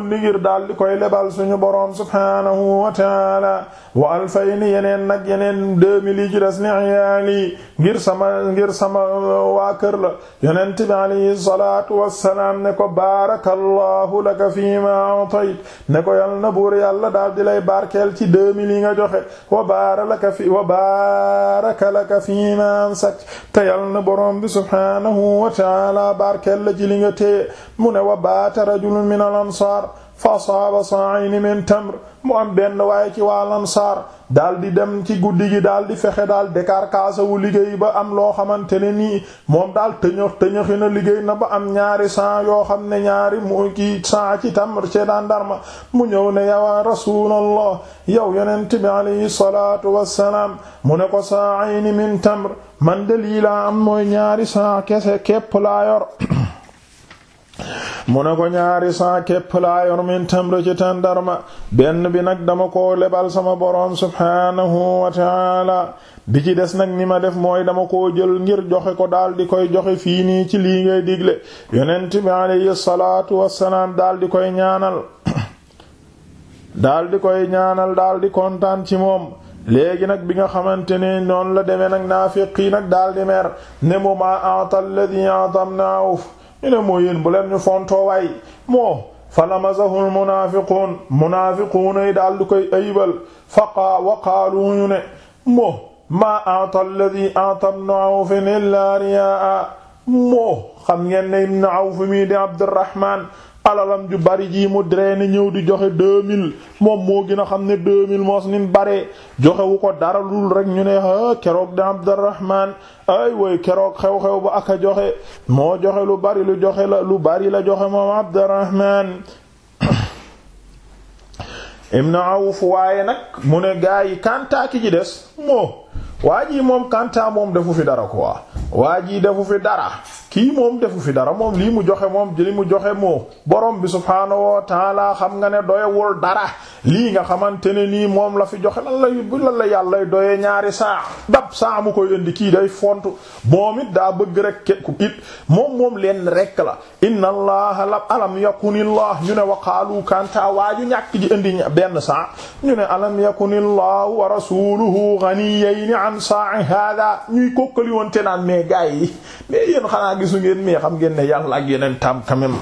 daal di koy lebal suñu boroom subhaanahu wa taala wa alfayni nag yeneen deux mille yi ci des ni iyaali ngir sama ngir sama uh, waa kër la yonent bi alayhi salaatu wassalaam ne ko baarakallahu laka fii ma ne ko yal na buur yàlla daal barkeel ci deux mille yi nga joxe wa baara laka fi wa baaraka laka fii ma amsakt te yal na bi subhaanahu wa taala barkeel la ci li mu ne wa baata rajulun min al ansaar fa asaaba sa'in min tamr mu am benn waaye ci waa lansaar daal di dem ci guddi gi daal di fexe daal décarcasse wu liggéey ba am loo xamante ne nii moom daal tëñëx tëñëxi na liggéey na ba am ñaari saa yoo xam ne ñaari mu ki saa ci tamr ci dandarma mu ñëw ne yawa rasuulallah yow yonent bi alayhi salaatu wassalaam mu ne ko sa'in min tamr man de lii am mooy ñaari saa kese képp laa mu ne ko ñaari saa képp laa yor min ci tàndarma benn bi nag dama ko lebal sama boroom subhaanahu wa bi ci des nag ni ma def mooy dama ko jël ngir joxe ko daal di koy joxe fii nii ci lii ngay digle yonent bi alayhi salaatu wassalaam daal di koy ñaanal daal di koy ñaanal daal di kontaan ci moom léegi nag bi nga xamante ne noonu la demee nag naafiqi nag daal di mer ne mu ma a'ta alladhi a'tamna awf ñu ne moo yéen bu leen ñu fontoo waay moo fa lamazahul munaafiquun munaafiquuna yi daal di koy ayibal fa qaa wa qaalu ñu ne moo maa a'ta alladhi a'ta ibnu awfin illaa riyaa moo xam ngeen ne ibnu awf mi di abdurrahmaan alalam ju bari ji mu draine ñëw di joxe deux mille moom moo gën a xam ne deux mille moos ni mu baree joxe ko dara lul rek ñu ne ah keroog da Abdurrahman ay way keroog xew-xew ba aka joxe moo joxe lu bari lu joxe la lu bari la joxe moom Abdurrahman Ibn Awf waaye nag mu ne gaa yi kantaa ki ci des moo waa moom kantaa moom defu fi dara ko waa ji defu fi dara. kii moom defu fi dara moom lii mu joxe moom li mu joxe moo borom bi subhaanahu wa taala xam nga ne doyewul dara lii nga xamante ne nii moom la fi joxe lan lay lan la yàllay doye ñaari saa dab saa mu koy indi kii day font moom it daa bëgg rek ku it moom moom leen rek la inna allaha la alam yakunillah ñu ne waqaalu kanta waaju ñàkk ji indi benn saa ñu ne alam yakunillahu wa rasuluhu ghaniyayn an sa'i hada ñuy kokkali woon te naan mais gaay yi gisu ngeen mii xam ngeen ne yàlla ak yeneen tam quand même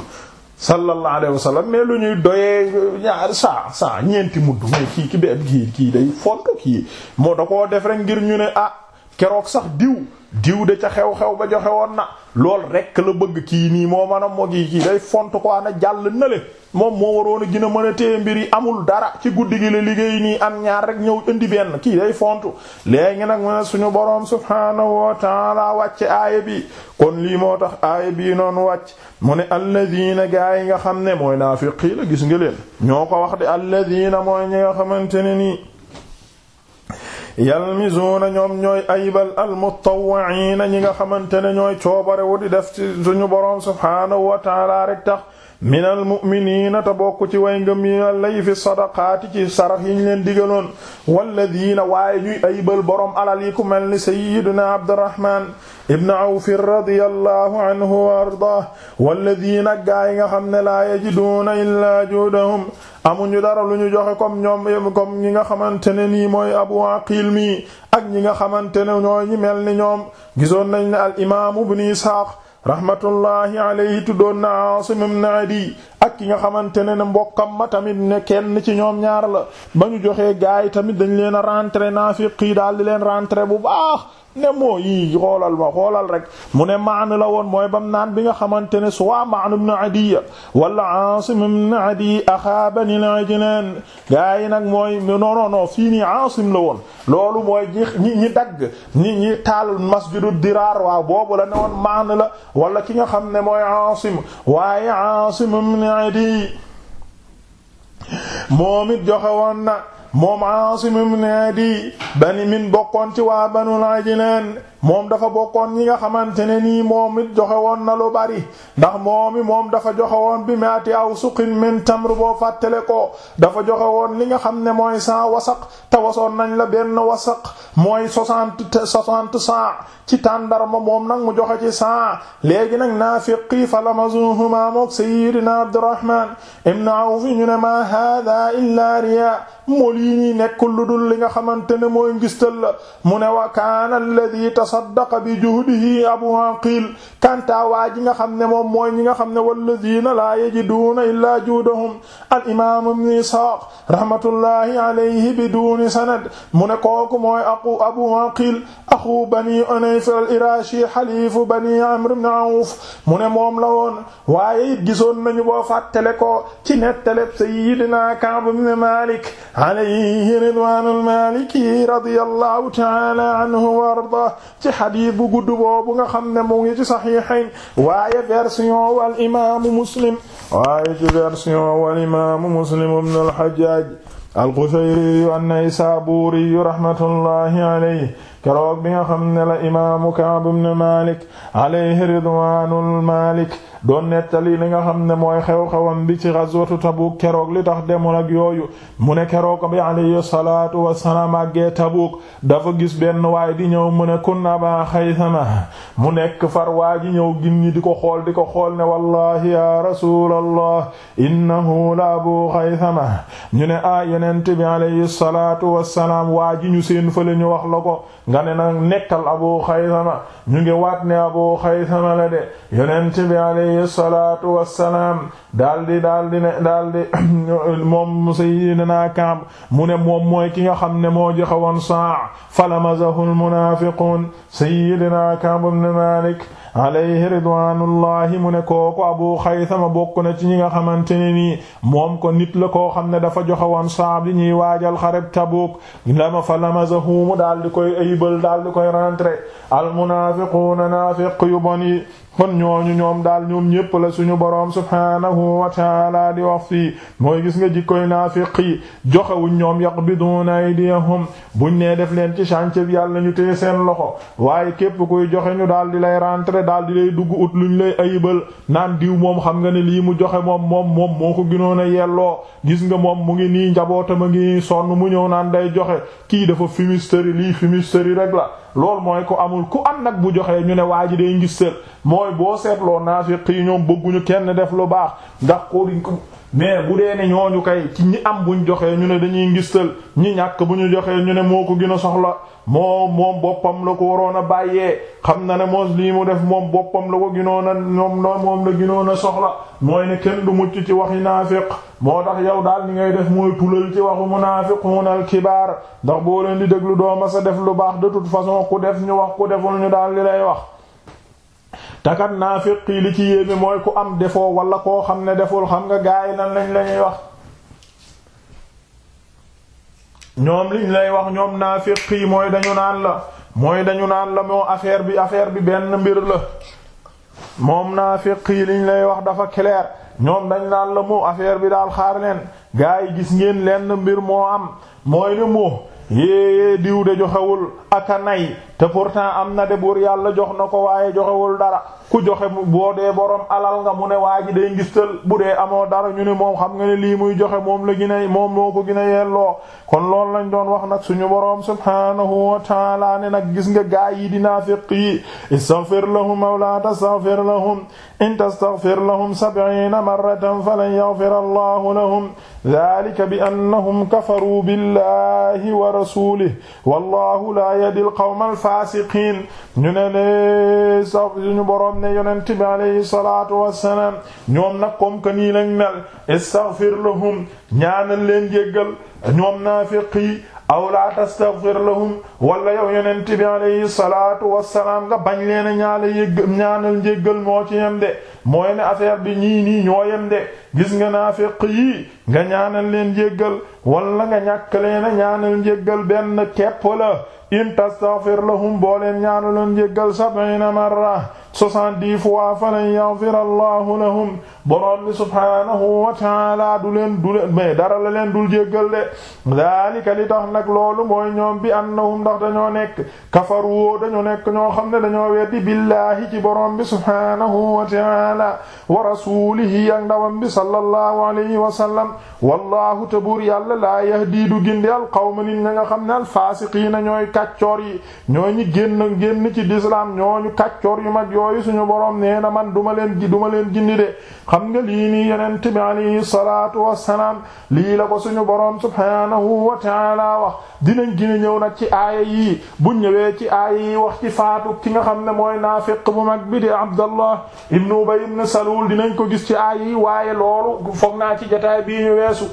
sallallahu alayhi wa mais lu ñuy doyee ñaar saa saa ñeenti mudd mais kii ki beeb kii kii day font kii moo da koo def rek ngir ñu ne ah keroog sax diw diw de ca xew-xew ba joxe woon na lool rek la bëgg kii nii moo mën a moo kii kii day font ko na jàll nale moom moo waroon a gën mën a téye mbir yi amul dara ci guddi gi la liggéey nii am ñaar rek ñëw indi benn kii day fontu léegi nag mu ne suñu boroom subhaanahu wa taala wàcc aaya bi kon lii moo tax aaya bii noon wàcc mu ne alladina gaa yi nga xam ne mooy naafiqi la gis nga leen ñoo ko wax de mooy ñi nga xamante ne nii yalmizuuna ñoom ñooy aybal almutawwi'ina ñi nga xamante ne ñooy coobare wu di def ci suñu boroom subhaanahu wa taala rek tax minal mu'miniina te bokk ci way ngëm yàlla yi fi sadaqaati ci sarax yi ñu leen digaloon walladiina borom alal yi ku mel ni sayyidina Abdurrahman ibn Awf radiyallahu anhu wa ardaah walladiina gaa yi nga xam ne laa yajiduuna illaa juhdahum dara lu ñu joxe comme ñoom ñi nga xamante ne nii mooy Abu Aqil mi ak ñi nga xamante ne ñooy ñi mel ni ñoom gisoon nañ ne al imaamu ibn Isaaq rahmatullahi alayhi tuddoon na Asim ibn Adi ak ki nga xamante ne ne mbokkam ma tamit ne kenn ci ñoom ñaar la ba ñu joxee gaay tamit dañ leen a rentré naafiq yi daal di leen rentré bu baax ne moo yi xoolal ma xoolal rek mu ne maan la woon mooy bam naan bi nga xamante ne soit maan ibn adiya wala asim ibn adi axaabani al-ajlan gaa yi nag mooy non non non fii nii asim la woon loolu mooy ñi ñi dagg ñi ñi taal masjidu diraar waaw boobu la ne woon maan la wala ki nga xam ne mooy asim waaye asim ibn adi moom it joxe woon na moom Aasim ibn Adi bani min bokkoon ci waa Banul Ajlaan moom dafa bokkoon ñi nga xamante ne nii moom it joxe woon na lu bari ndax moom it moom dafa joxe woon bi maati aw suqin min tamr boo fàttale ko dafa joxe woon li nga xam ne mooy cent wasaq te wasoon nañ la benn wasaq mooy soixante soixante cent ci tàndarma moom nag mu joxe ci cent léegi nag naafiqi fa lama lamazuhuma mook sayyidina Abdurrahman ibn Awf ñu ne ma hada illa riya mool yi ñi nekkul lu dul li nga xamante ne mooy ngistal la tasaddaqa bi juhdihi abu aqil kanta waa ji nga xam ne moom mooy ñi nga xam ne walladina laa yajiduuna illaa juhdahum al imam ibn isaaq rahmatullahi alayhi biduni sanad mu ne kooku mooy aqu abu aqil axu bani unayf al irashi xalifu bani amr ibn auf mu ne moom la woon waaye it gisoon nañu boo fàttale ko ci nettale sayyidina ka'b ibn malik alayhi ridwanul maliki radiyallahu ta'ala anhu wa arda ci xadiis bu gudd boobu nga xam ne mu ngi ci saxiixayn waaye version wal imaamu muslim waaye ci version wal imaamu muslim ibn al-Hajjaaj al-Qushayri an-Naysaabuuri rahmatullahi alayhi keroog bi nga xam ne la imaamu Kaab ibn Malik alayhi ridwaanul Malik doon nettali li nga xam ne mooy xew-xewam bi ci ghazwatu Tabuk keroog li tax demul ak yooyu mu ne keroog bi alayhi salaatu wassalaam àggee Tabuk dafa gis benn waay di ñëw mu ne kun Aba Xaysama mu nekk far waa ji ñëw gin ñi di ko xool di ko xool ne wallahi ya rasuulallah innahu la Abu ñu ne a ah, yonent bi alayhi salaatu wassalaam waa ji ñu seen fële ñu wax la nga ne nekkal abu xaysama ñu ngi waat ne abu xaysama la de yonent bi alayhi salaatu wassalaam daldi daldi ne daldi moom sayyidina Kaab mu ne ki nga xam ne moo joxe woon saa falamazahul munaafiquun sayyidina Kaab ibn Maalik alayhi ridwanullahi mu ne kooku abu xaysama bokk na ci ñi nga xamante ni nii moom ko nit la koo xam ne dafa joxe woon saab yi ñuy waajal xareb Tabuk lama fa lamazahumu daal di koy ayibal daal di koy rentré almunafiquna naafiq yu bon yi kon ñooñu ñoom daal ñoom ñépp la suñu boroom subhaanahu wa taala di wax fii mooy gis nga jikkoy naafiq yi joxewuñ ñoom bi yaqbiduuna aydiyahum buñ nee def leen ci chantier bi yàlla ñu téye seen loxo waaye képp kuy joxe ñu daal di lay rentrer daal di lay dugg ut luñ lay ayibal naan diw moom xam nga ne lii mu joxe moom moom moom moo ko gënoon yelloo gis nga moom mu ngi nii njabootam a ngi sonn mu ñëw naan day joxe kii dafa fumisterie lii fumisterie rek la loolu mooy ko amul ku am nag bu joxee ñu ne waa ji day ngis sër mooy boo seetloo naafiq yi ñoom bëgguñu kenn def lu baax ndax ko mais bu dee ne ñooñu kay ci ñi am bu buñ joxee ñu ne dañuy ngistal ñi ñàkk bu ñu joxee ñu ne moo ko gën a soxla moom moom boppam la ko waroon a bàyyee xam na ne moos lii mu def moom boppam la ko ginoon a ñoom moom la ginoon a soxla mooy ne kenn du mucc ci wax waxi naafiq moo tax yow daal ni ngay def mooy tulal ci waxu munaafiqun al kibaar ndax boo leen di déglu dooma sa def lu baax de toute façon ku def ñu wax ku deful ñu daal li lay wax takat naafiq yi li ci yéeme mooy ku am defoo wala koo xam ne deful xam nga gaay nan lañ lañuy wax ñoom liñ lay wax ñoom naafiq yi mooy dañu naan la mooy dañu naan la moo affaire bi affaire bi benn mbir la moom naafiq yi liñ lay wax dafa clair ñoom dañ naan la moo affaire bi daal xaar leen gaa yi gis ngeen lenn mbir moo am mooy ne moo yéeyée diw de joxewul aka nay te pourtant am na de buur yàlla jox na ko waaye joxewul dara ku joxe boo dee borom alal nga mu ne waa ji day ngistal bu dee amoo dara ñu ne moom xam nga ne lii muy joxe moom la gina moom moo ko gina yelloo kon loolu lañ doon wax nag suñu boroom subhanahu wa taala ne nag gis nga gaa yi di naafiq yi istaghfir lahum aw la tastaghfir lahum in tastaghfir lahum sab'ina marratan falan yaghfir allahu lahum dhalika bi annahum kafaru billahi wa rasulihi wallahu la yahdi al qawma faasiqiin ñu ne ne sax ñu boroom ne yonent bi alayhi salaatu wassalaam ñoom nag comme que nii lañ mel istaghfir lahum ñaanal leen jéggal ñoom naafiqi aw la tastaghfir lahum wala yow yonent bi alayhi salaatu wassalaam nga bañ leen a ñaala yëgg ñaanal njéggal moo ci yem de mooy ne affaire bi ñii nii ñoo yem de gis nga naafiq yi nga ñaanal leen njéggal wala nga ñàkk leen a ñaanal njéggal benn kepp la in tastaghfir lahum boo leen ñaanaloon njéggal sab'ina marra soixante-dix fois falan yaghfira allahu lahum boroom bi subhaanahu wa du leen du leen mais dara la leen dul jéggal de daalika li tax nag loolu mooy ñoom bi annahum ndax dañoo nekk kafaru dañoo nekk ñoo xam ne dañoo weddi billaahi ci boroom bi subhaanahu wa taala wa rasuulihi ak ndawam bi sallallahu alayhi wa sallam wallahu tabur yàlla laa yahdi du gindi al qawma nit ña nga xam ne al faasiqiina ñooy kàccoor yi ñooy ñi génn génn ci lislaam ñooñu kàccoor yu mag yooyu suñu borom nee na man duma leen ji duma leen gindi de xam nga lii nii yonent bi alayhi wassalaam lii la ko suñu borom subhaanahu wa ta'ala wax dinañ gën ñëw nag ci aaya yii bu ñëwee ci aaya yi wax ci faatu ki nga xam ne mooy naafiq bu mag bi di Abdallah ba Ubay ibn Salul dinañ ko gis ci aaya yi waaye loolu foog naa ci jataay bii weesu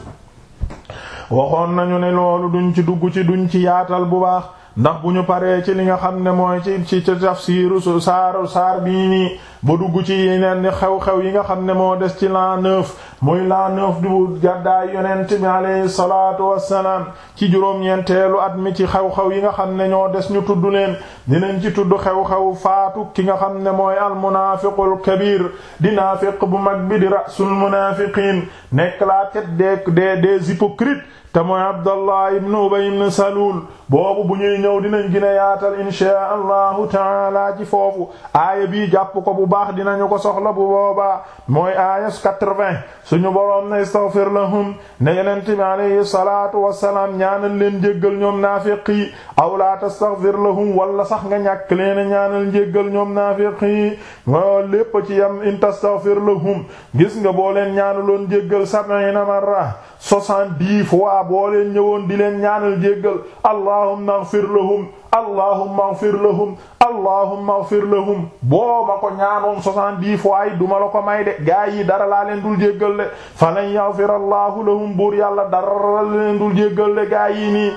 waxoon nañu ne loolu duñ ci dugg ci duñ ci yaatal bu baax ndax bu ñu paree ci li nga xam ne mooy ci ci tafsiiru su saaru saar bii nii ba dugg ci ni xew-xew yi nga xam ne moo des ci l'an neuf muy l'an neuf du gàddaay yonent bi alayhi salaatu wassalaam ci juróom-ñeenteelu at mi ci xew-xew yi nga xam ne ñoo des ñu tudd leen dinañ ci tudd xew-xew faatu ki nga xam ne mooy almunaafiqul kabiir di naafiq bu mag bi di rasul munaafiqiin nekk la tête des des hypocrites te mooy Abdallah ibn ibn Salul boobu bu ñuy ñëw dinañ gën a yaatal inshaa allahu taala ci foofu aaya bii jàpp ko bu baax dinañu ko soxla bu boobaa mooy aaya 80 suñu boroom na istaghfir lahum ne yonent bi alayhi salaatu wassalaam ñaanal leen jéggal ñoom naafiq yi aw laa tastaghfir lahum wala sax nga ñàkk leen ñaanal jéggal ñoom naafiq yi waaw lépp ci yam in tastaghfir lahum gis nga boo leen ñaanaloon jéggal sab'ina marra soixante-dix fois boo leen ñëwoon di leen ñaanal jéggal allahumma ighfir lahum allahumma ighfir lahum allahumma ighfir lahum boo ma ko ñaanoon soixante-dix fois yi duma la ko may de gaa dara laa leen dul jéggal de falan yaghfir allahu lahum buur yàlla dara la leen dul jéggal de gaa yi nii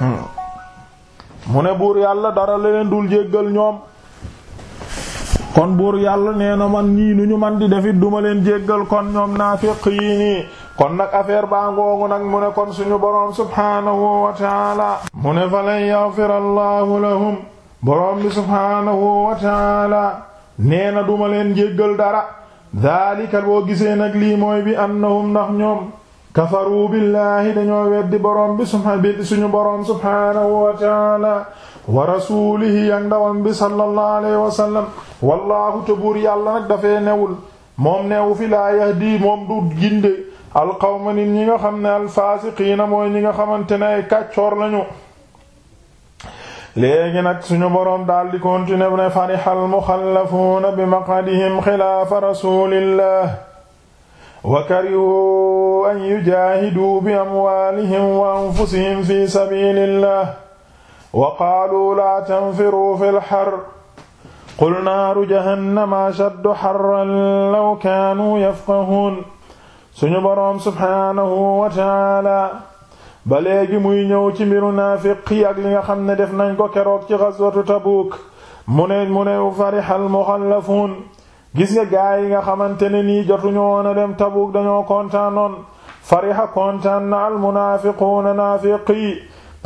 hmm. mu ne buur yàlla dara la leen dul jéggal ñoom kon buur yàlla nee na man nii nu ñu man di defit duma leen jéggal kon ñoom naafiq yi nii kon nag affaire baa ngoongu nag mu ne kon suñu boroom subhaanahu wa taala mu fa lan yaghfir allahu lahum boroom bi subhaanahu wa taala nee na duma leen jéggal dara daalika boo gisee nag lii mooy bi annahum ndax ñoom kafaru billahi dañoo weddi boroom bi suñu boroom subhaanahu wa taala wa rasuulihi ak ndawam bi sallallahu alayhi wa sallam yàlla nag dafee newul moom neewu fi laa yahdi moom du ginde alqawma nit ñi nga xam ne alfaasiqiina mooy ñi nga xamante ne ay kàccoor lañu léegi nag suñu boroom daal di continuer bu ne fariha almuxallafuuna bi maqadihim xilaafa rasulillah wa karihu an yujaahiduu bi amwaalihim wa anfusihim fi sabilillah wa qaaluu laa tanfiruu fi lxar qul naaru jahannama ashaddu xarran law kaanuu yafqahuun suñu boroom subhaanahu wa taala ba léegi muy ñëw ci mbiru naafiq yi ak li nga xam ne def nañ ko keroog ci ghazwatu Tabuuk mu ne mu ne farihal muxallafuun gis nga gaay yi nga xamante ne nii jotuñu woon a dem Tabuuk dañoo kontaanoon fariha kontaan na al munaafiquuna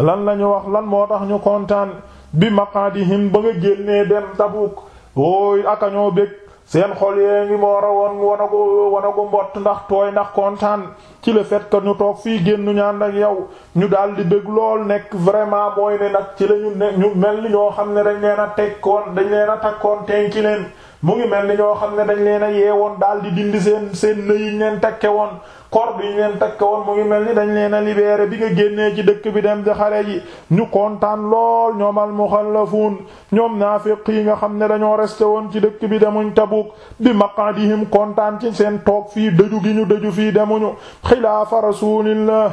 lan la wax lan moo tax ñu kontaan bi maqaadihim ba nga génnee dem Tabuuk wooy akañoo bég seen xol yee ngi moora woon wanagu wanagu mbott ndax tooy ndax kontaan ci le fait que ñu toog fii génn ñaan ak yow ñu daal di bëgg lool nekk vraiment booy ne nag ci la ñu ñu mel ni ñoo xam ne dañ leen a tekkoon dañ leen a takkoon tenki leen mu ngi mel ni ñoo xam ne dañ leen a woon daal di dindi seen seen nëyiñ leen tekke woon corde yi leen takk woon mu ngi mel ni dañ leen a libéré bi nga génnee ci dëkk bi dem di xare ji ñu kontaan lool ñoom al muxallafuun ñoom naafiq yi nga xam ne dañoo resté woon ci dëkk bi demuñ Tabuk bi maqadihim kontaan ci seen toog fii dëju gi ñu dëju fii demuñu xilaafa rasulillah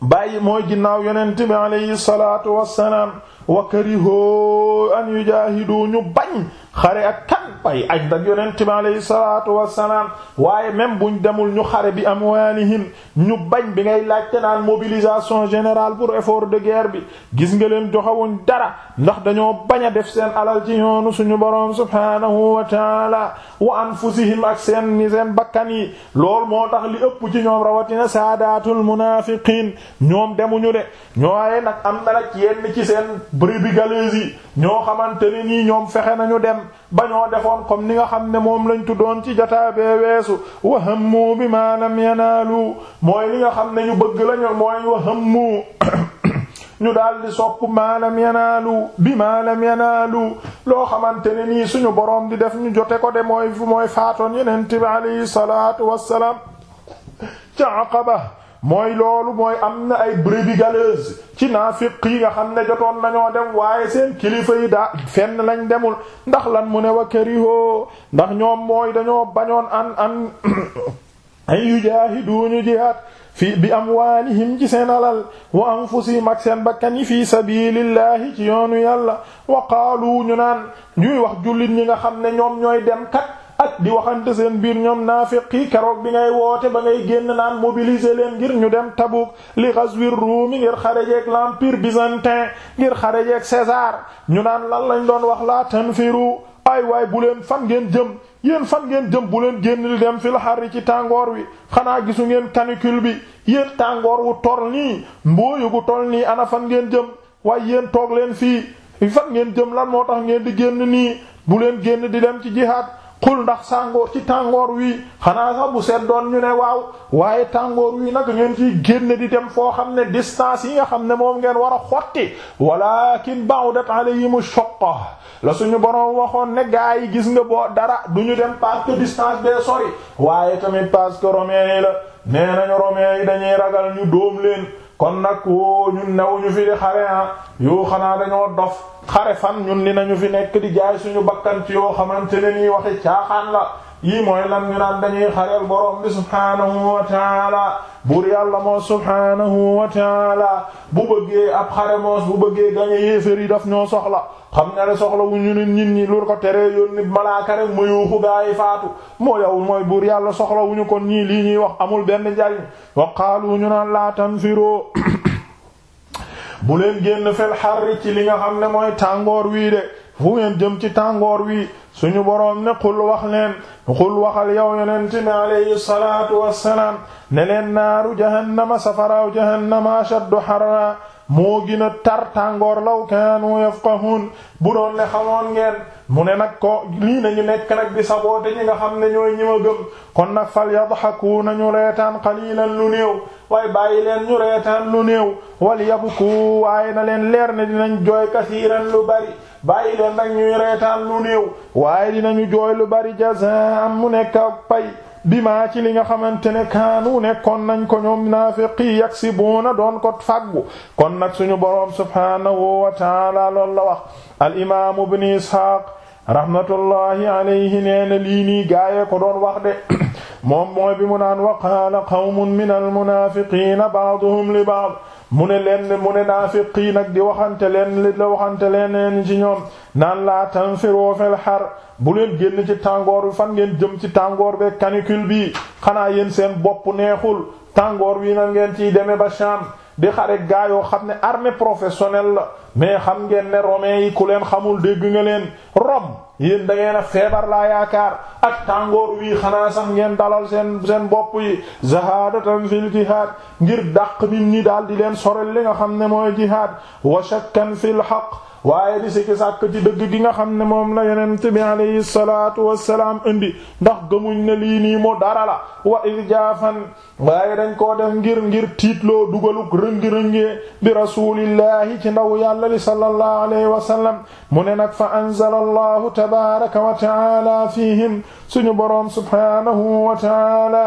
bàyyi mooy ginnaaw yonent bi alayhi salaatu wassalaam wa karihoo an yujaahidu ñu bañ xare ak kan bay aj dak yonent bi alayhi salaatu wassalaam waaye même buñ demul ñu xare bi amwaalihim ñu bañ bi ngay laajte naan mobilisation général pour effort de guerre bi gis nga leen joxewuñ dara ndax dañoo bañ a def seen alal ci yoonu suñu boroom subhaanahu wa taala wa ak seen ni seen bakkan yi lool moo tax li ëpp ci ñoom rawatina saadaatul munaafiqiin ñoom demuñu de ñooye nag am na la yenn ci seen brigadistes yi ñoo xamante ne nii ñoom fexe nañu dem ba ñoo defoon comme ni nga xam ne moom lañ tuddoon ci jotaay bee weesu wa hammu bimaa lam yanaalu mooy li nga xam ne ñu bëgg lañu mooy wa hammu ñu daal di sopp maalam yanaalu bi maalam yanaalu loo xamante ne nii suñu boroom di def ñu jote ko de mooy mooy faatoon yeneen bi alayhi salaatu wassalaam ca Aqaba mooy loolu mooy am na ay brebis galeuses ci naafiq yi nga xam ne jotoon nañoo dem waaye seen kilifa yi daa fenn lañ demul ndax lan mu ne wa karihoo ndax ñoom mooy dañoo bañoon an an an yujaahiduñu jihaad fii bi amwaalihim ci seen alal wa anfusihim ak seen bakkan yi fii sabilillahi ci yoonu yàlla wa qaalu ñu naan ñuy wax jullit ñi nga xam ne ñoom ñooy dem kat ak di waxante seen biir ñoom naafiq yi keroog bi ngay woote ba ngay génn naan mobiliser leen ngir ñu dem Tabuk li ghazwir ruumi ngir xarejeeg l'empire byzantin ngir xarejeeg César ñu naan lan lañ doon wax la tanfiru ay waay bu leen fan ngeen jëm yéen fan ngeen jëm bu leen génn di dem fil harri ci tàngoor wi xanaa gisu ngeen canicule bi yéen tàngoor wu tol nii mbooyu gu tol nii ana fan ngeen jëm waaye yéen toog leen fii fan ngeen jëm lan moo tax ngeen di génn nii bu leen génn di dem ci jihaad xul ndax sàngoor ci tàngoor wii xanaa sax bu seet doon ñu ne waaw waaye tàngoor wii nag ngeen ci génn di dem foo xam ne distance yi nga xam ne moom ngeen war a xotti de ba'udat alayhimu shaqqa la suñu boroom waxoon ne gaa yi gis nga bo dara du ñu dem parce que distance bee sori waaye tamit parce que romain la nee nañu romain yi dañuy ragal ñu dóom leen kon nag woo ñun newuñu fi di xare a ah. yoo xanaa dañoo dof xare fan ñun dinañu fi nekk di jaay suñu bakkanti ci yoo xamante ne nii waxi caaxaan la yii mooy lan ñu naan dañuy xareel borom bi subhaanahu wa taala buur yàlla moo subhaanahu wa taala bu bëggee ab xare moos bu bëggee gañe yéefér yi ñoo soxla xam nga ne soxla wu ñu nit nit ñi lu ko teree yónni malaaka rek ma yuuxu gaa faatu moo yow mooy buur yàlla soxla wu ñu kon ñii lii ñuy wax amul benn njariñ wa qaalu ñu naan laa tanfiroo bu leen génn fel xarri ci linga xam ne mooy tàngoor wii de fu ngeen jëm ci tàngoor wii suñu borom ne xul wax leen xul waxal yow yonent bi alayhi salaatu wassalaam ne leen jahannama safaraaw jahannama ashaddu harra moo gën tar tàngoor law kaanu yafqahun bu doon ne xamoon ngeen mu ne nag ko na ñu nekk nag di saboote ñi nga xam ne ñooy ñi ma gëm kon nag fal yadhaku nañu reetaan qalilan lu néew waaye bàyyi leen ñu reetaan lu néew wal yabku waaye na leen leer ne dinañ jooy kasiiran lu bari bàyyi leen nag ñuy reetaan lu néew waaye dinañu jooy lu bari am mu nekk ak pay bimaa ci li nga xamante ne kaanu nekkoon nañ ko ñoom naafiqi yaksibuuna doon ko fàggu kon nag suñu boroom subhaanahu wa taala loolu la wax al imaamu ibn ishaaq rahmatullahi alayhi nee na lii ko doon wax de moom mooy bi mu naan wa qaala qawmun min almunaafiqiina ba'duhum li ba'd mu ne leen mu ne naafiqii nag di waxante leen li la waxante leen leen ci ñoom naan laa tanfiroo fil xar bu leen génn ci tàngoor bi fan ngeen jëm ci tàngoor be canicule bi xanaa yéen seen bopp neexul tàngoor wi na ngeen ciy demee ba Sham di xare gaa yoo xam ne armée professionnelle la mais xam ngeen ne romains yi ku leen xamul dégg nga leen Rome yéen da ngeen a feebar laa yaakaar ak tàngoor wii xanaa sax ngeen dalal seen seen bopp yi zahadatan fil jihad ngir dàq nit ñi daal di leen sorel li nga xam ne mooy a wa shakkan fil haqq waaye di sikki sàkk ci dëgg gi nga xam ne moom la yonent bi alayhi salaatu wassalaam indi ndax gëmuñ ne lii nii moo dara la wa il jaafan waaye dañ koo def ngir ngir tiitloo dugaluk rëngi-rëngee bi rasulillahi ci ndaw yàlla li sallallahu alayhi wa sallam mu ne nag fa anzala allahu tabaraka wa taala fihim suñu boroom subhaanahu wa taala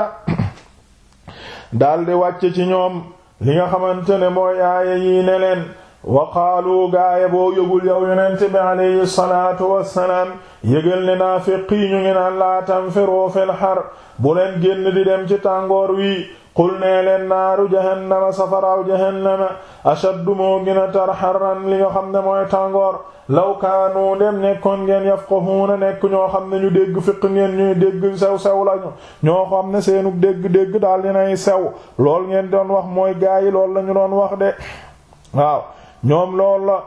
daldi wàcce ci ñoom li nga xamante ne mooy aaya yi ne leen wa qaalu gaaya boo yëgul yow yonente bi alayhi salaatu wassalaam yëgal ne naafiqi ñu ngi naan laa tanfiru fil har bu leen génn di dem ci tàngoor wi qul nee leen naaru jahannama safaraaw jahannama ashaddu moo gën a tar harran li nga xam ne mooy tàngoor law kaanu dem nekkoon ngeen yafqahuuna nekk ñoo xam ne ñu dégg fiq ngeen ñuy dégg sew sew lañu ñoo xam ne seenu dégg-dégg daal dinay sew lool ngeen doon wax mooy gaa yi lool lañu doon wax de ñoom loolu la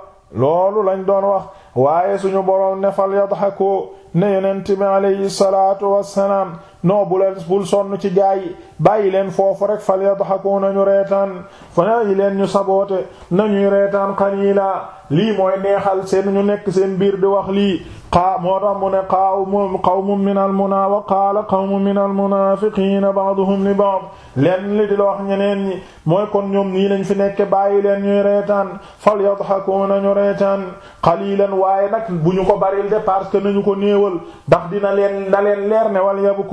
loolu lañ doon wax waaye suñu boroom ne fal yadhaku ne yonent bi alayhi salaatu wassalaam non bu leen bul sonn ci gaa yi bàyyi leen foofu rek fal yadhaku nañu reetaan fa yi leen ñu saboote nañuy reetaan xaniila lii mooy neexal seen ñu nekk seen biir di wax lii xaa moo tax mu ne qawmun qawmun min almunaa wa qaala qawmun min almunaafiqiina ba'duhum li ba'd leen li di la wax ñeneen ñi mooy kon ñoom nii lañ fi nekk bàyyi leen ñuy reetaan fal yadhakuuna ñu reetaan qaliilan waaye nag bu ñu ko baril de parce que nañu ko néewal ndax dina leen na leen leer ne wal yabku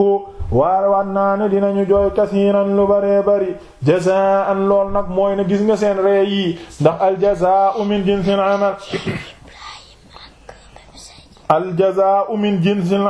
waar wan naa ne dinañu jooy kasiiran lu baree bari jazaan lool nag mooy ne gis nga seen ree yi ndax aljazaa'u min jinsil amal aljazaa'u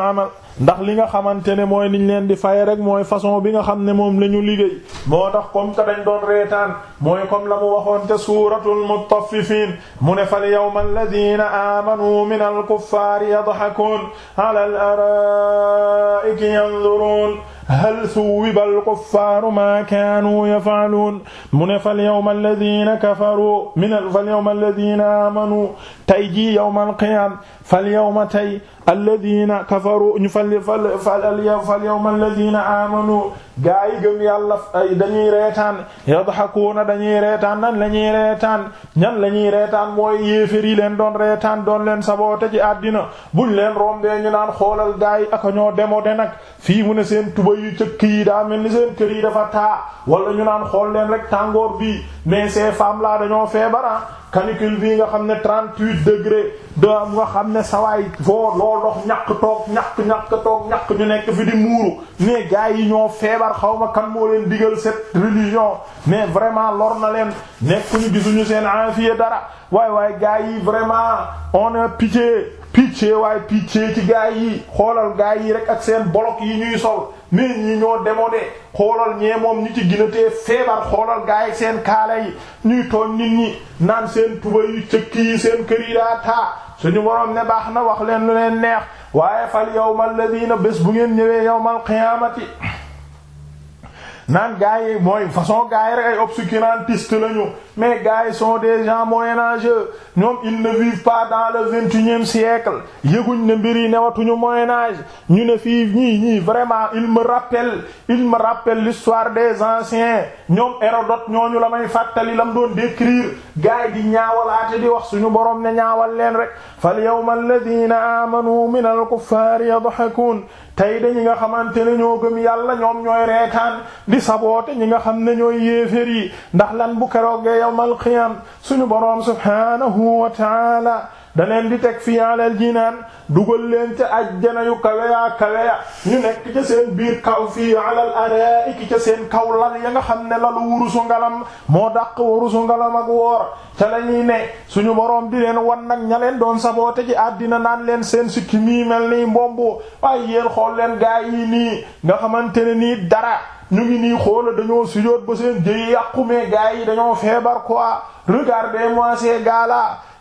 amal ndax li nga xamante ne mooy niñ leen di fay rek mooy façon bi nga xam ne moom la ñu liggéey moo tax comme que dañ doon reetaan mooy comme la mu waxoon te suuratul mutaffifiin mu ne fal yawma alladina aamanu min alkuffaari yadhakuun ala al araa'iki yanzuruun hal thuwiba al-kuffaaru maa kaanuu yaf'aluun mu ne fal yawma alladhiina kafaruu minal fal yawma alladhiina aamanuu tey jii yawmal qiyaama fal yawma tey alladhiina kafaruu ñu fal fal fal yawma alladhiina aamanuu gaa yi gëm yàlla ay dañuy reetaan yadhakuuna dañuy reetaan nan la ñuy reetaan ñan la ñuy reetaan mooy yéefar yi leen doon reetaan doon leen saboote ci àddina buñ leen rombee ñu naan xoolal gaa yi ak ñoo demo de nag fii mu ne seen tuba yu cëkk yi daa mel ni seen kër yi dafa taa wala ñu naan xool leen rek tàngoor bi mais ces femmes là dañoo feebaran ah. canicule bii nga xam ne 38 degré da nga xam ne sawaay foo loo dox toog ñàkk ñàkk toog ñàkk ñu nekk fi di muuru mais gars yi ñoo feebar xaw ma kan moo leen digal cette religion mais vraiment lor na leen nekk ñu gisuñu seen afiya dara waay waay yi vraiment on a pitié picce waaye picce ci gaa yi xoolal gaa yi rek ak seen bolok yi ñuy sol mais ñi ñoo démodé xoolal ñee moom ñi ci ginatee feebar xoolal gaa yi seen kaala yi ñuy tooñ nit ñi naan seen tuba yu cëkk yi seen kër yi daa taa suñu boroom ne baax na wax leen lu leen neex waaye fal yawmal ladina bés bu ngeen ñëwee yawmal qiyaamati naan gars yi mooy façon gars yi rek ay obscurantistes lañu mais gars yi des gens moyenâgeux ñoom ils ne vivent pas dans le vingt-et-unième siècle yëguñ ne mbir yi newatuñu moyen âge ñu ne fii ñii ñii vraiment il me rappelle il me rappelle l'histoire des anciens ñoom Hérodote ñooñu la may fàttali la mu doon décrire gars yi di ñaawalaate di wax suñu borom ne ñaawal leen rek fal yawma alladhina amanu min al kuffar yadhakun tey de ñi nga xamante ne ñoo gëm yàlla ñoom ñooy reetaan di saboote ñi nga xam ne ñooy yéefér yi ndax lan bu keroog yawmal qiyaam suñu boroom subhaanahu wa ta'aala da leen di teg fii alal naan dugal leen ca ajjana yu kawe yaa kawe ñu nekk ca seen biir kaw fii alal araa'ik ca seen kaw lal ya nga xam ne lalu wurusu ngalam moo dàq wurusu ngalam ak woor ca la ñuy ne suñu boroom di leen wan nag ña leen doon te ci àddina naan leen seen sikki mii mel nii mbombu waaye yéen xool leen gaa yi nii nga xamante ne nii dara ñu ngi nii xoola dañoo sujóot ba seen jëy yàqu gaa yi dañoo feebar quoi regardez-moi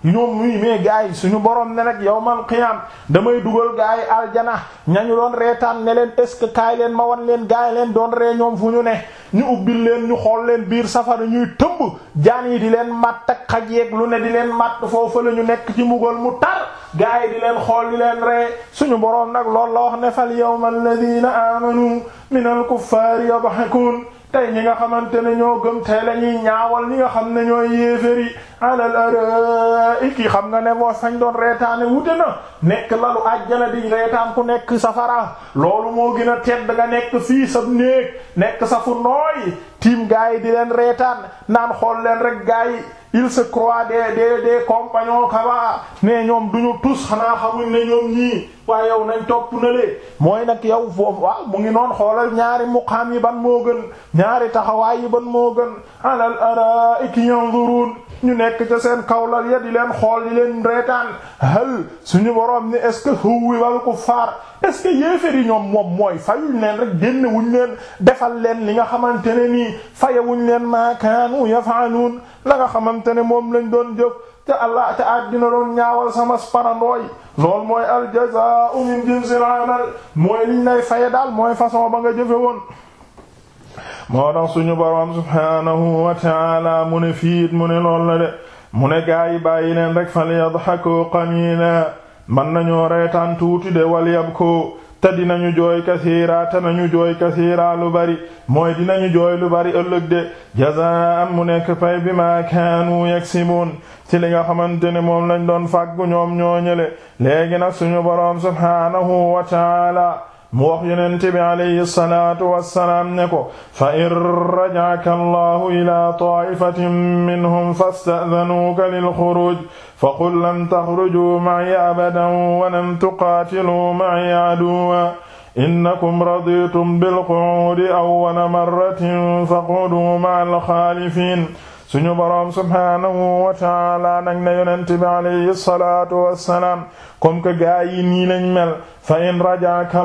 ñoom muy mais gars yi suñu borom ne nag yawmal qiyaam damay dugal gars yi aljana ñañu doon reetaan ne leen est ce que kaay leen ma wan leen gars leen doon ree ñoom fu ñu ne ñu ubbil leen ñu xool leen biir safara ñuy tëmb jaan yi di leen matt ak xaj yeeg lu ne di leen matt foofu la ñu nekk ci mbugal mu tar gars di leen xool di leen ree suñu borom nag lool la wax ne fal yawmal ladina amanu minal kuffaari yadhakun tey ñi nga xamante ne ñoo gëm tey la ñuy ñaawal ñi nga xam ne ñooy yéeféri alal araiki xam nga ne boo sañ doon reetaane wute na nekk lalu àjjana di reetaan ku nekk safara loolu moo gën a tedd nga nekk fii sa néeg nekk sa fu nooy tiim gaa yi di leen reetaan naan xool leen rek gaa il se croit des des des kaba mais ñoom du ñu tus xanaa xamuñ ne ñoom ñii waaye yow nañ topp na lee mooy nag yow foofu waaw mu ngi noon xoolal ñaari muqaam yi ban moo gën ñaari taxawaay yi ban moo gën alal araa'iki yanzurun ñu nekk ca seen kawlal ya di leen xool di leen reetaan hal suñu borom ni est-ce que huwi wal kuffar est-ce que yéefér yi ñoom moom mooy fayuñ leen rek génn wuñ leen defal leen li nga xamante ne nii fayewuñ leen maakaanu yafaaluun la nga xamante ne moom lañ doon jëf te Allah te àddina doon ñaawal sama sparandooy loolu mooy al jazaa'u min jinsil amal mooy liñ lay faye daal mooy façon ba nga jëfe woon moo tax suñu boroom subhaanahu wa ta'ala mu ne fiit mu ne lool de mu ne gaa yi bàyyi leen rek ko yadhaku qaliila mën nañoo reetaan tuuti de wal yabku te dinañu jooy kasiira te nañu jooy kasiira lu bari mooy dinañu jooy lu bari ëllëg de jazaa am mu nekk pay bi ma kaanu yaksibuun ci li nga xamante ne moom lañ doon fàggu ñoom ñoo ñële léegi nag suñu boroom subhaanahu wa mu wax yonente bi alayhi salaatu wassalaam ne ko fa in raja'aka allahu ila ta'ifatin minhum fasta'dhanuuka lil xuruj faqul lan taxrujuu ma'iya abadan wa lan tuqaatiluu ma'iya aduwwan innakum raditum bil qu'uudi awwala marratin faq'uduu ma'al xaalifiin suñu subhaanahu wa taala nag ne yonent bi alayhi salaatu wassalaam comme que gaay fa in rajaaka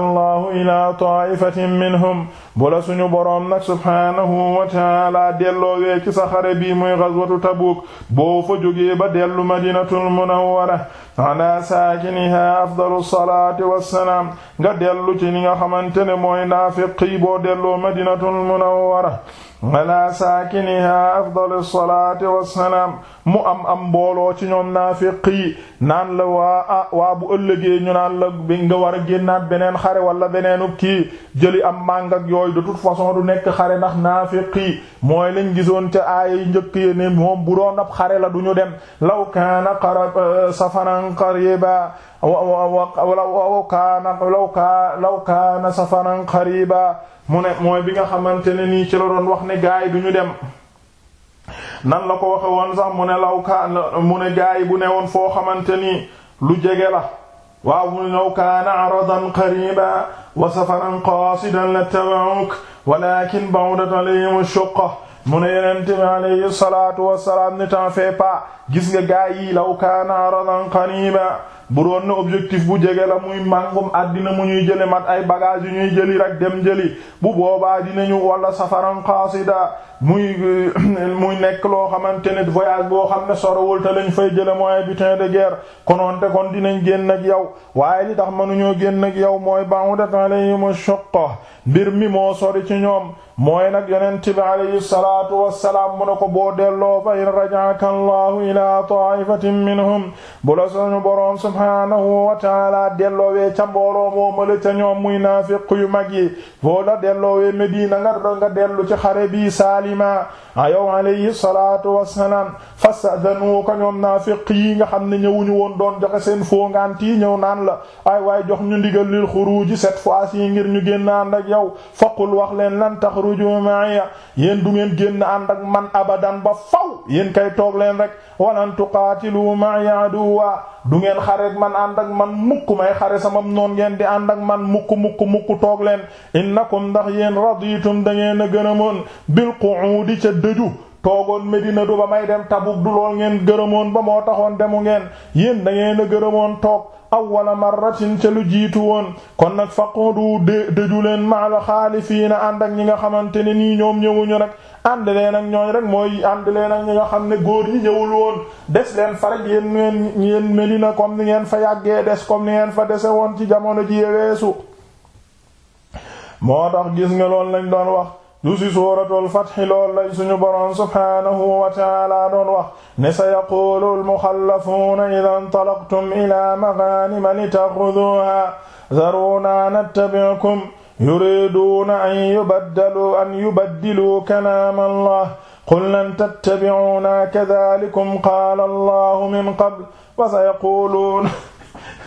ila taifatin minhum bu la suñu boroom nag subhaanahu wa taala delloowee ci sa xare bii muy gazwatu tabuuk boo fa jógee ba dellu madinatul munawwara ala saakiniha afdalu salaati wassalaam nga dellu ci ni nga xamante ne mooy naafiqi boo delloo madinatul munawwara wala saakiniha afdalu salaati wassalaam mu am am mbooloo ci ñoom naafiq yi naan la waa ah waa bu ëllëgee ñu naan la bi nga war a génnaat beneen xare wala beneenub kii jëli am màng ak yooyu de toute façon du nekk xare ndax naafiq yi mooy lañ gisoon ca aaya yi njëkk yi moom bu doon ab xare la du ñu dem law kaana qarab euh, safaran qariba wa wa law kaana law kaana safaran qariba mu ne mooy bi nga xamante ne nii ci la doon wax ne gaay duñu dem nan la ko waxe woon sax mu ne lawkaan mu ne gaay bu ne woon foo xamante ni lu jege la waaw mu ne law kaana aradan qariba wa safaran qaasidan la taba'uk walakin ba'udat alayhim ash-shuqqa mu ne yonent bi alayhi salaatu wassalaam ne t'en fais pas gis nga gaa yi law kaana aradan qariba bu doon ne objectif bu jege la muy màngum àddina mu ñuy jële mat ay bagage yu ñuy jëli rek dem jëli bu boobaa dinañu walla safaran qasida muy muy nekk loo xamante ne voyage boo xam ne sorowul te lañ fay jële mooy butin de ger konoonte kon dinañ génn ak yow waaye li tax mënuñoo génn ak yow mooy ba'udat alayhim ash-shaqqa mbir mi moo sori ci ñoom mooy nag yonent bi alayhi salaatu wassalaam mu ne ko boo delloo fa in rajaaka allahu ila ta'ifatin minhum bo la suñu boroom subhaanahu wa taala delloowee ca mbooloo moomale ca ñoom muy naafiq yu mag yi boo la delloowee Medina nga nga dellu ci xare bii saalima ayow alayhi salaatu wassalaam fasta'danuuka ñoom naafiq yi nga xam ne ñëwuñu woon doon joxe seen foongaant yi ñëw naan la ay waaye jox ñu ndigal lil xuruuji cette yi ngir ñu génn ànd ak yow faqul wax leen lan taxru taxruju ma'iya yéen du ngeen génn ànd ak man abadan ba faw yéen kay toog leen rek walan tuqaatilu ma'iya waa du ngeen xare man ànd ak man mukk may xare sama noon ngeen di ànd ak man mukk mukk mukk toog leen innakum ndax yéen raditum da ngeen a gënamoon bil qu'udi ca dëju toogoon Medina du ba may dem Tabuk du lool ngeen gërëmoon ba moo taxoon demu ngeen yéen da ngeen gërëmoon toog awwala marratin ca lu jiitu woon kon nag faqudu de dëju leen maal xaalifiina ànd ak ñi nga xamante ne nii ñoom ñëwuñu rek ànd leen ak ñooñ rek mooy ànd leen ak ñi nga xam ne góor yi ñëwul woon des leen faraj yéen ngeen yéen Medina kom ni ngeen fa yàggee des comme ni ngeen fa dese woon ci jamono ji weesu moo tax gis nga loolu lañ doon wax du si suuratul fatxi lool lay suñu boroom subhaanahu wa taala doon wax ne sa yaquulu almuxallafuuna ida ntalaqtum ila maganima litaxuduuha daruunaa nattabi'kum yuriiduuna an yubaddalu an yubaddiluu kalaama allah qul lan tattabi'uunaa kadalikum qaala allahu min qabl fa sa yaquuluuna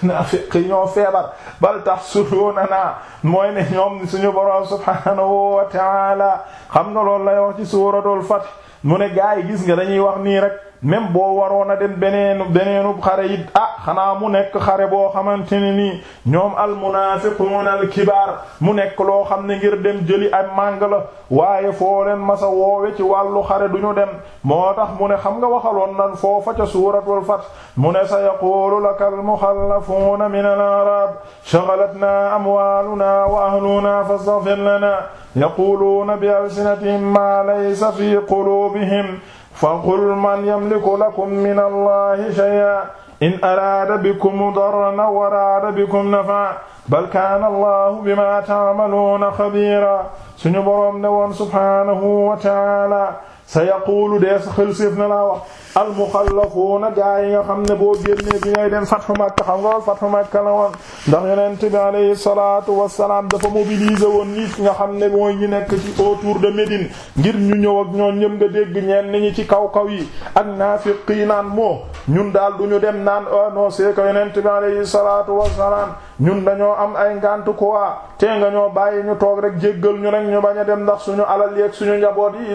naafiq yi ñoo feebar bal tahsuduuna naa mooy ne ñoom suñu boroom subhaanahu wa ta'ala xam nga loolu lay wax ci suuratul fath mu ne gaa yi gis nga dañuy wax nii rek même boo waroon a dem beneenu beneenu xare it a ah, xanaa mu nekk xare boo xamante ne nii ñoom almunaafiquun alkibaar mu nekk loo xam ne ngir dem jëli ay màng la waaye foo leen masa woowe ci wàllu xare du ñu dem moo tax mu ne xam nga waxaloon nan foofa ca suuratul fath mu ne sa yaquulu laka almuxallafuuna min al-a'raab shaghalatnaa amwaalunaa wa ahluunaa fastaghfir lanaa yaquluuna bi alsinatihim maa laysa fi quluubihim fa qul man yamliku lakum min allahi shay'an in araada bikum darran aw araada bikum naf'an bal kaana allahu bimaa ta'maluuna xabiira suñu boroom ne woon subhaanahu wa ta'aala sa yaquulu dees xëlséef na laa wax almuxallafuuna gaa yi nga xam ne boo génnee bi ngay dem fatxu Makka xam nga lool fatxu Makka la woon ndax yonent bi alayhi salaatu wassalaam dafa mobiliser woon ñi nga xam ne mooy ñi nekk ci autour de Médine ngir ñu ñëw ak ñoom ñëm nga dégg ñeen ñi ci kaw kaw yi ak naafiqi naan moo ñun daal du ñu dem naan a oh c'est que yonent bi alayhi salaatu wassalaam ñun dañoo am ay ngànt quoi te nga ñoo bàyyi ñu toog rek jéggal ñu rek ñu bañ a dem ndax suñu alal yeeg suñu njaboot yi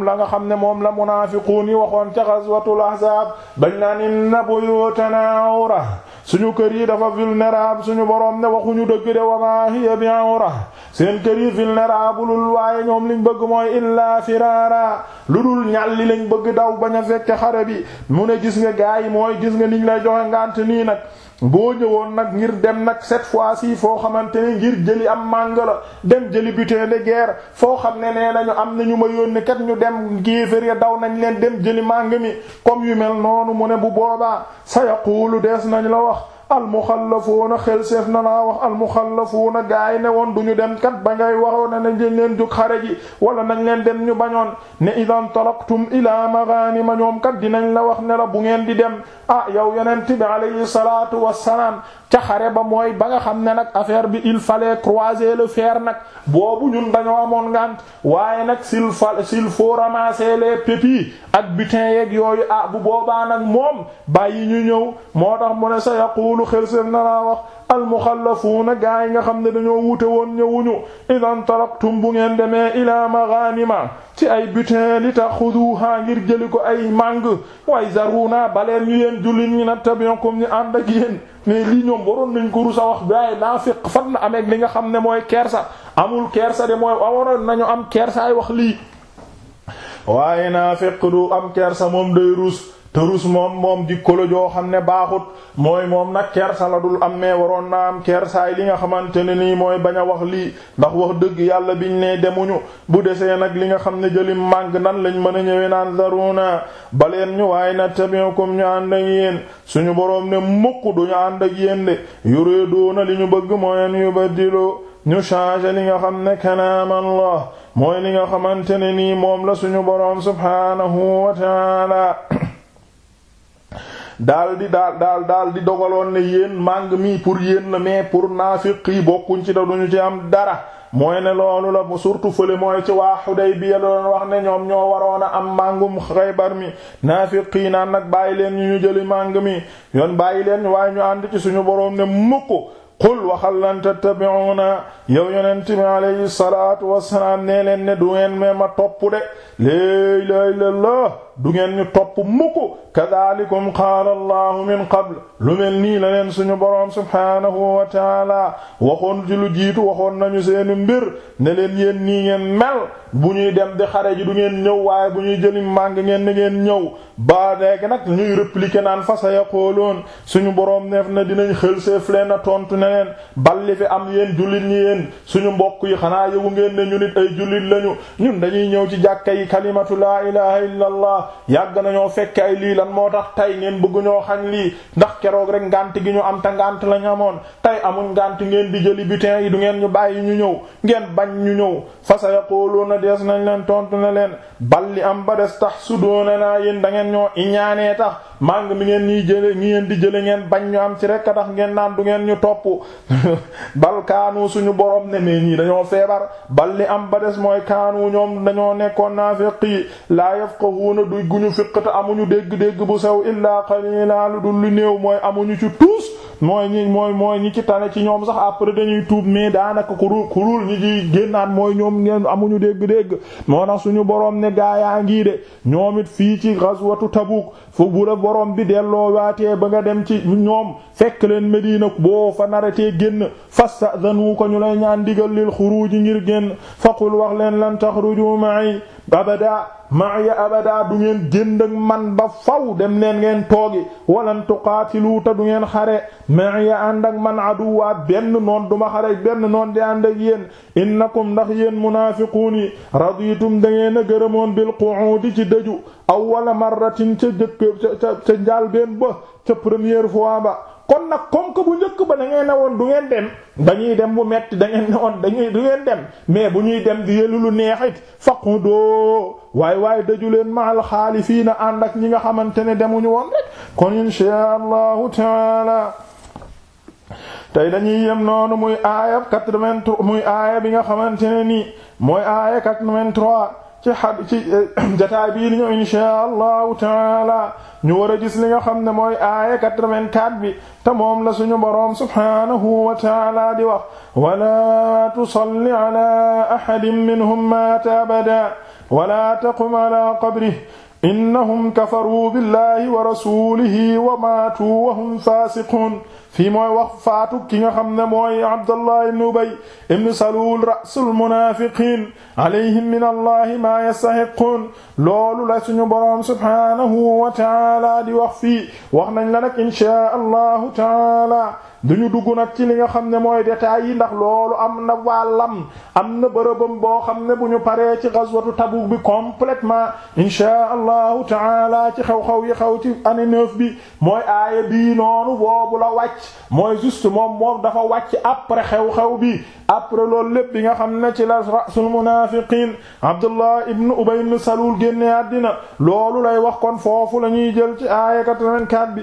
la nga xam ne moom la munaafiqu yi waxoon ca xaswatul ahzaab bañ naan inna buyuutanaa awra suñu kër yi dafa vulnérable suñu borom ne waxuñu dëgg de wa maa hiya bi awra seen kër yi vulnérable waaye ñoom liñ bëgg mooy illaa firaara lu dul ñàlli lañ bëgg daw bañ a fekke xare bi mu ne gis nga gaa yi mooy gis nga niñ lay joxe ngànt nii nag boo ñëwoon nag ngir dem nag cette fois si foo xamante ne ngir jëli am màng la dem jëli butin de guerre foo xam ne nee nañu am na ñu ma yónni kat ñu dem géefér ya daw nañ leen dem jëli màng mi comme yu mel noonu mu ne bu boobaa sa yaquulu dees nañ la wax almuxallafuuna xel seef na naa wax gaay ne woon dem kat ba ngay waxoon ne nañ leen jóg xare ji wala nañ leen dem ñu bañoon ne idan talaqtum ilaa maghanima ñoom kat dinañ la wax ne la bu ngeen di dem ah yow yonent bi alayhi salaatu wassalaam ca xare ba mooy ba nga xam ne nag affaire bi il fallait croiser le fer nag boobu ñun dañoo amoon ngant waaye nag s'il fa s'il faut ramasser les pépis ak butin yeeg yooyu ah bu boobaa nag moom bàyyi ñu ñëw moo tax mu ne loolu xel seen na wax almuxallafuuna gaa yi nga xam ne dañoo wuute woon ñëwuñu idan talaqtum bu ngeen demee ilaa maghanima ci ay butin li taxuduha ngir jëli ko ay màng waaye zaruna baleen ñu yéen jullit ñi nattabi'ukum ñu ànd ak yéen mais lii ñoom waroon nañ ko a wax waaye naafiq fan na ameeg li nga xam ne mooy kersa amul kersa de mooy waroon nañu am ay wax lii waaye naafiq du am kersa moom day rus tërus moom moom jikko joo xam ne baaxut mooy moom nag kersa la dul am mais waroon naa am kersaay li nga xamante ne nii mooy bañ a wax lii ndax wax dëgg yàlla biñ ne demuñu bu desee nag li nga xam ne jëlim màng nan lañ mën a ñëwee naan zaruna baleen ñu waaye na tabi'ukum ñu ànd ak yéen suñu boroom ne mukk duñu ànd ak yéen de yuriduna li ñu bëgg mooyen yu baddilu ñu change li nga xam ne kalaam Allah mooy li nga xamante ne nii moom la suñu boroom subhaanahu wa ta'ala daal di daal daal daal di dogaloon ne yéen màng mi pour yéen la mais pour naafiq yi bokkuñ ci da ñu ci am dara mooy ne loolu la surtout fële mooy ci waa Hudaybiya doon wax ne ñoom ñoo waroon a am màngum Xaybar mi naafiq yi naan nag bàyyi leen ñu ñu jëli màng mi yoon bàyyi leen waaye ñu ànd ci suñu boroom ne mukk qul waxal lan tattabi'una yow yonent bi alayhi salaatu wassalaam nee leen ne du ngeen ma topp de léegi léegi la. du ngeen ñu topp mukk kadalikum qaala allahu min qabl lu mel nii la leen suñu boroom subhaanahu wa taala waxoon ci lu jiitu waxoon nañu seeni mbir ne leen yéen nii ngeen mel bu ñuy dem di xare ji du ngeen ñëw waaye bu ñuy jëli màng ngeen na ngeen ñëw ba léegi nag ñuy répliquer naan fa sa yaqooloon suñu boroom neef na dinañ xël seef leen na tontu ne leen balli fi am yéen jullit ñi yéen suñu mbokk yi xanaa yëgu ngeen ne ñu nit ay jullit lañu ñun dañuy ñëw ci jàkka yi yàgg nañoo fekke ay lii lan moo tax tey ngeen bëgguñoo ñoo xañ lii ndax keroog rek ngànt gi ñu am te ngànt lañ amoon tey amul ngànt ngeen di jëli butin yi du ngeen ñu bàyyi ñu ñëw ngeen bañ ñu ñëw fa sayaquluna dees nañ leen tontu ne leen li am ba des tax su doona naa yéen da ngeen ñoo iñaanee tax màng mi ngeen ñuy jële ñi ngeen di jële ngeen bañ ñu am ci rek a tax ngeen naan du ngeen ñu topp bal kaanu suñu borom ne ne ñii dañoo feebar bal li am ba des mooy kaanu ñoom dañoo nekkoon naafiq yi laa yafqahuuna du ñu fiq te amuñu dégg-dégg bu sew illaa qalila lu dul néew mooy amuñu ci tuus mooy ñi mooy mooy ñi ci tane ci ñoom sax après dañuy tuub mais daanaka kurul kurul ñi ci génnaat mooy ñoom ngeen amuñu dégg-dégg moo tax suñu borom ne gaa yaa de ñoom fii ci ghazwatu Tabuk fu borom bi delloo waatee ba nga dem ci ñoom fekk leen Medina boo fa naratee génn fasta'dhanu ko ñu lay ñaan digal lil xuruuj ngir génn faqul wax leen lan taxruju ma'i abada ma'i abada du ngeen génn man ba faw dem neen ngeen toogi walan tuqaatilu ta du ngeen xare ma'i ànd ak man aduwaa benn noon ma xare benn noon di ànd ak yéen innakum ndax yéen munaafiquun yi raditum da ngeen a gërëmoon bil qu'udi ci dëju awwala marratin ca jëkk ca ca njaal benn ba ca première fois ba kon nag comme que bu njëkk ba da ngeen ne woon du ngeen dem dañuy dem bu metti da ngeen woon dañuy du ngeen dem mais bu ñuy dem di yëlu lu neexit faqu doo waaye waaye daju leen maal xaalifiina ànd ak ñi nga xamante ne demuñu woon rek kon insha allahu taala tey dañuy yem noonu muy aaya 83 muy aaya bi nga xamante ne nii mooy aaya 83 ci xa ci eh, jataay bii li ñëw inshaa allahu taala ñu war a gis li nga xam ne mooy aaya 84 bi te moom la suñu boroom subhanahu wa taala di wax wala tusalli ala ahadin minhum maata abada wala taqum ala qabrihi innahum kafaruu billahi wa rasulihi wa maatuu wa hum faasiqun fii mooy wax faatu ki nga xam ne mooy Abdallah ibn Ubay ibn Salul rasul munafiqin alayhim min allahi maa yastahiqun loolu la suñu boroom subhanahu wa taala di wax fii wax nañ la nag inshaa allahu taala duñu dugg nag ci li nga xam ne mooy détails yi ndax loolu am na wàllam am na bërëbam boo xam ne bu ñu paree ci ghazwatu Tabuk bi complètement inshaa allahu taala ci xew-xew yi xew ci année neuf bi mooy aaya bii noonu boobu la wàcc mooy juste moom moom dafa wàcc après xew-xew bi après loolu lépp bi nga xam ne ci la rasul munafiqin Abdullah ibn Ubay ibn Salul génne àddina loolu lay wax kon foofu la ñuy jël ci aaya 84 bi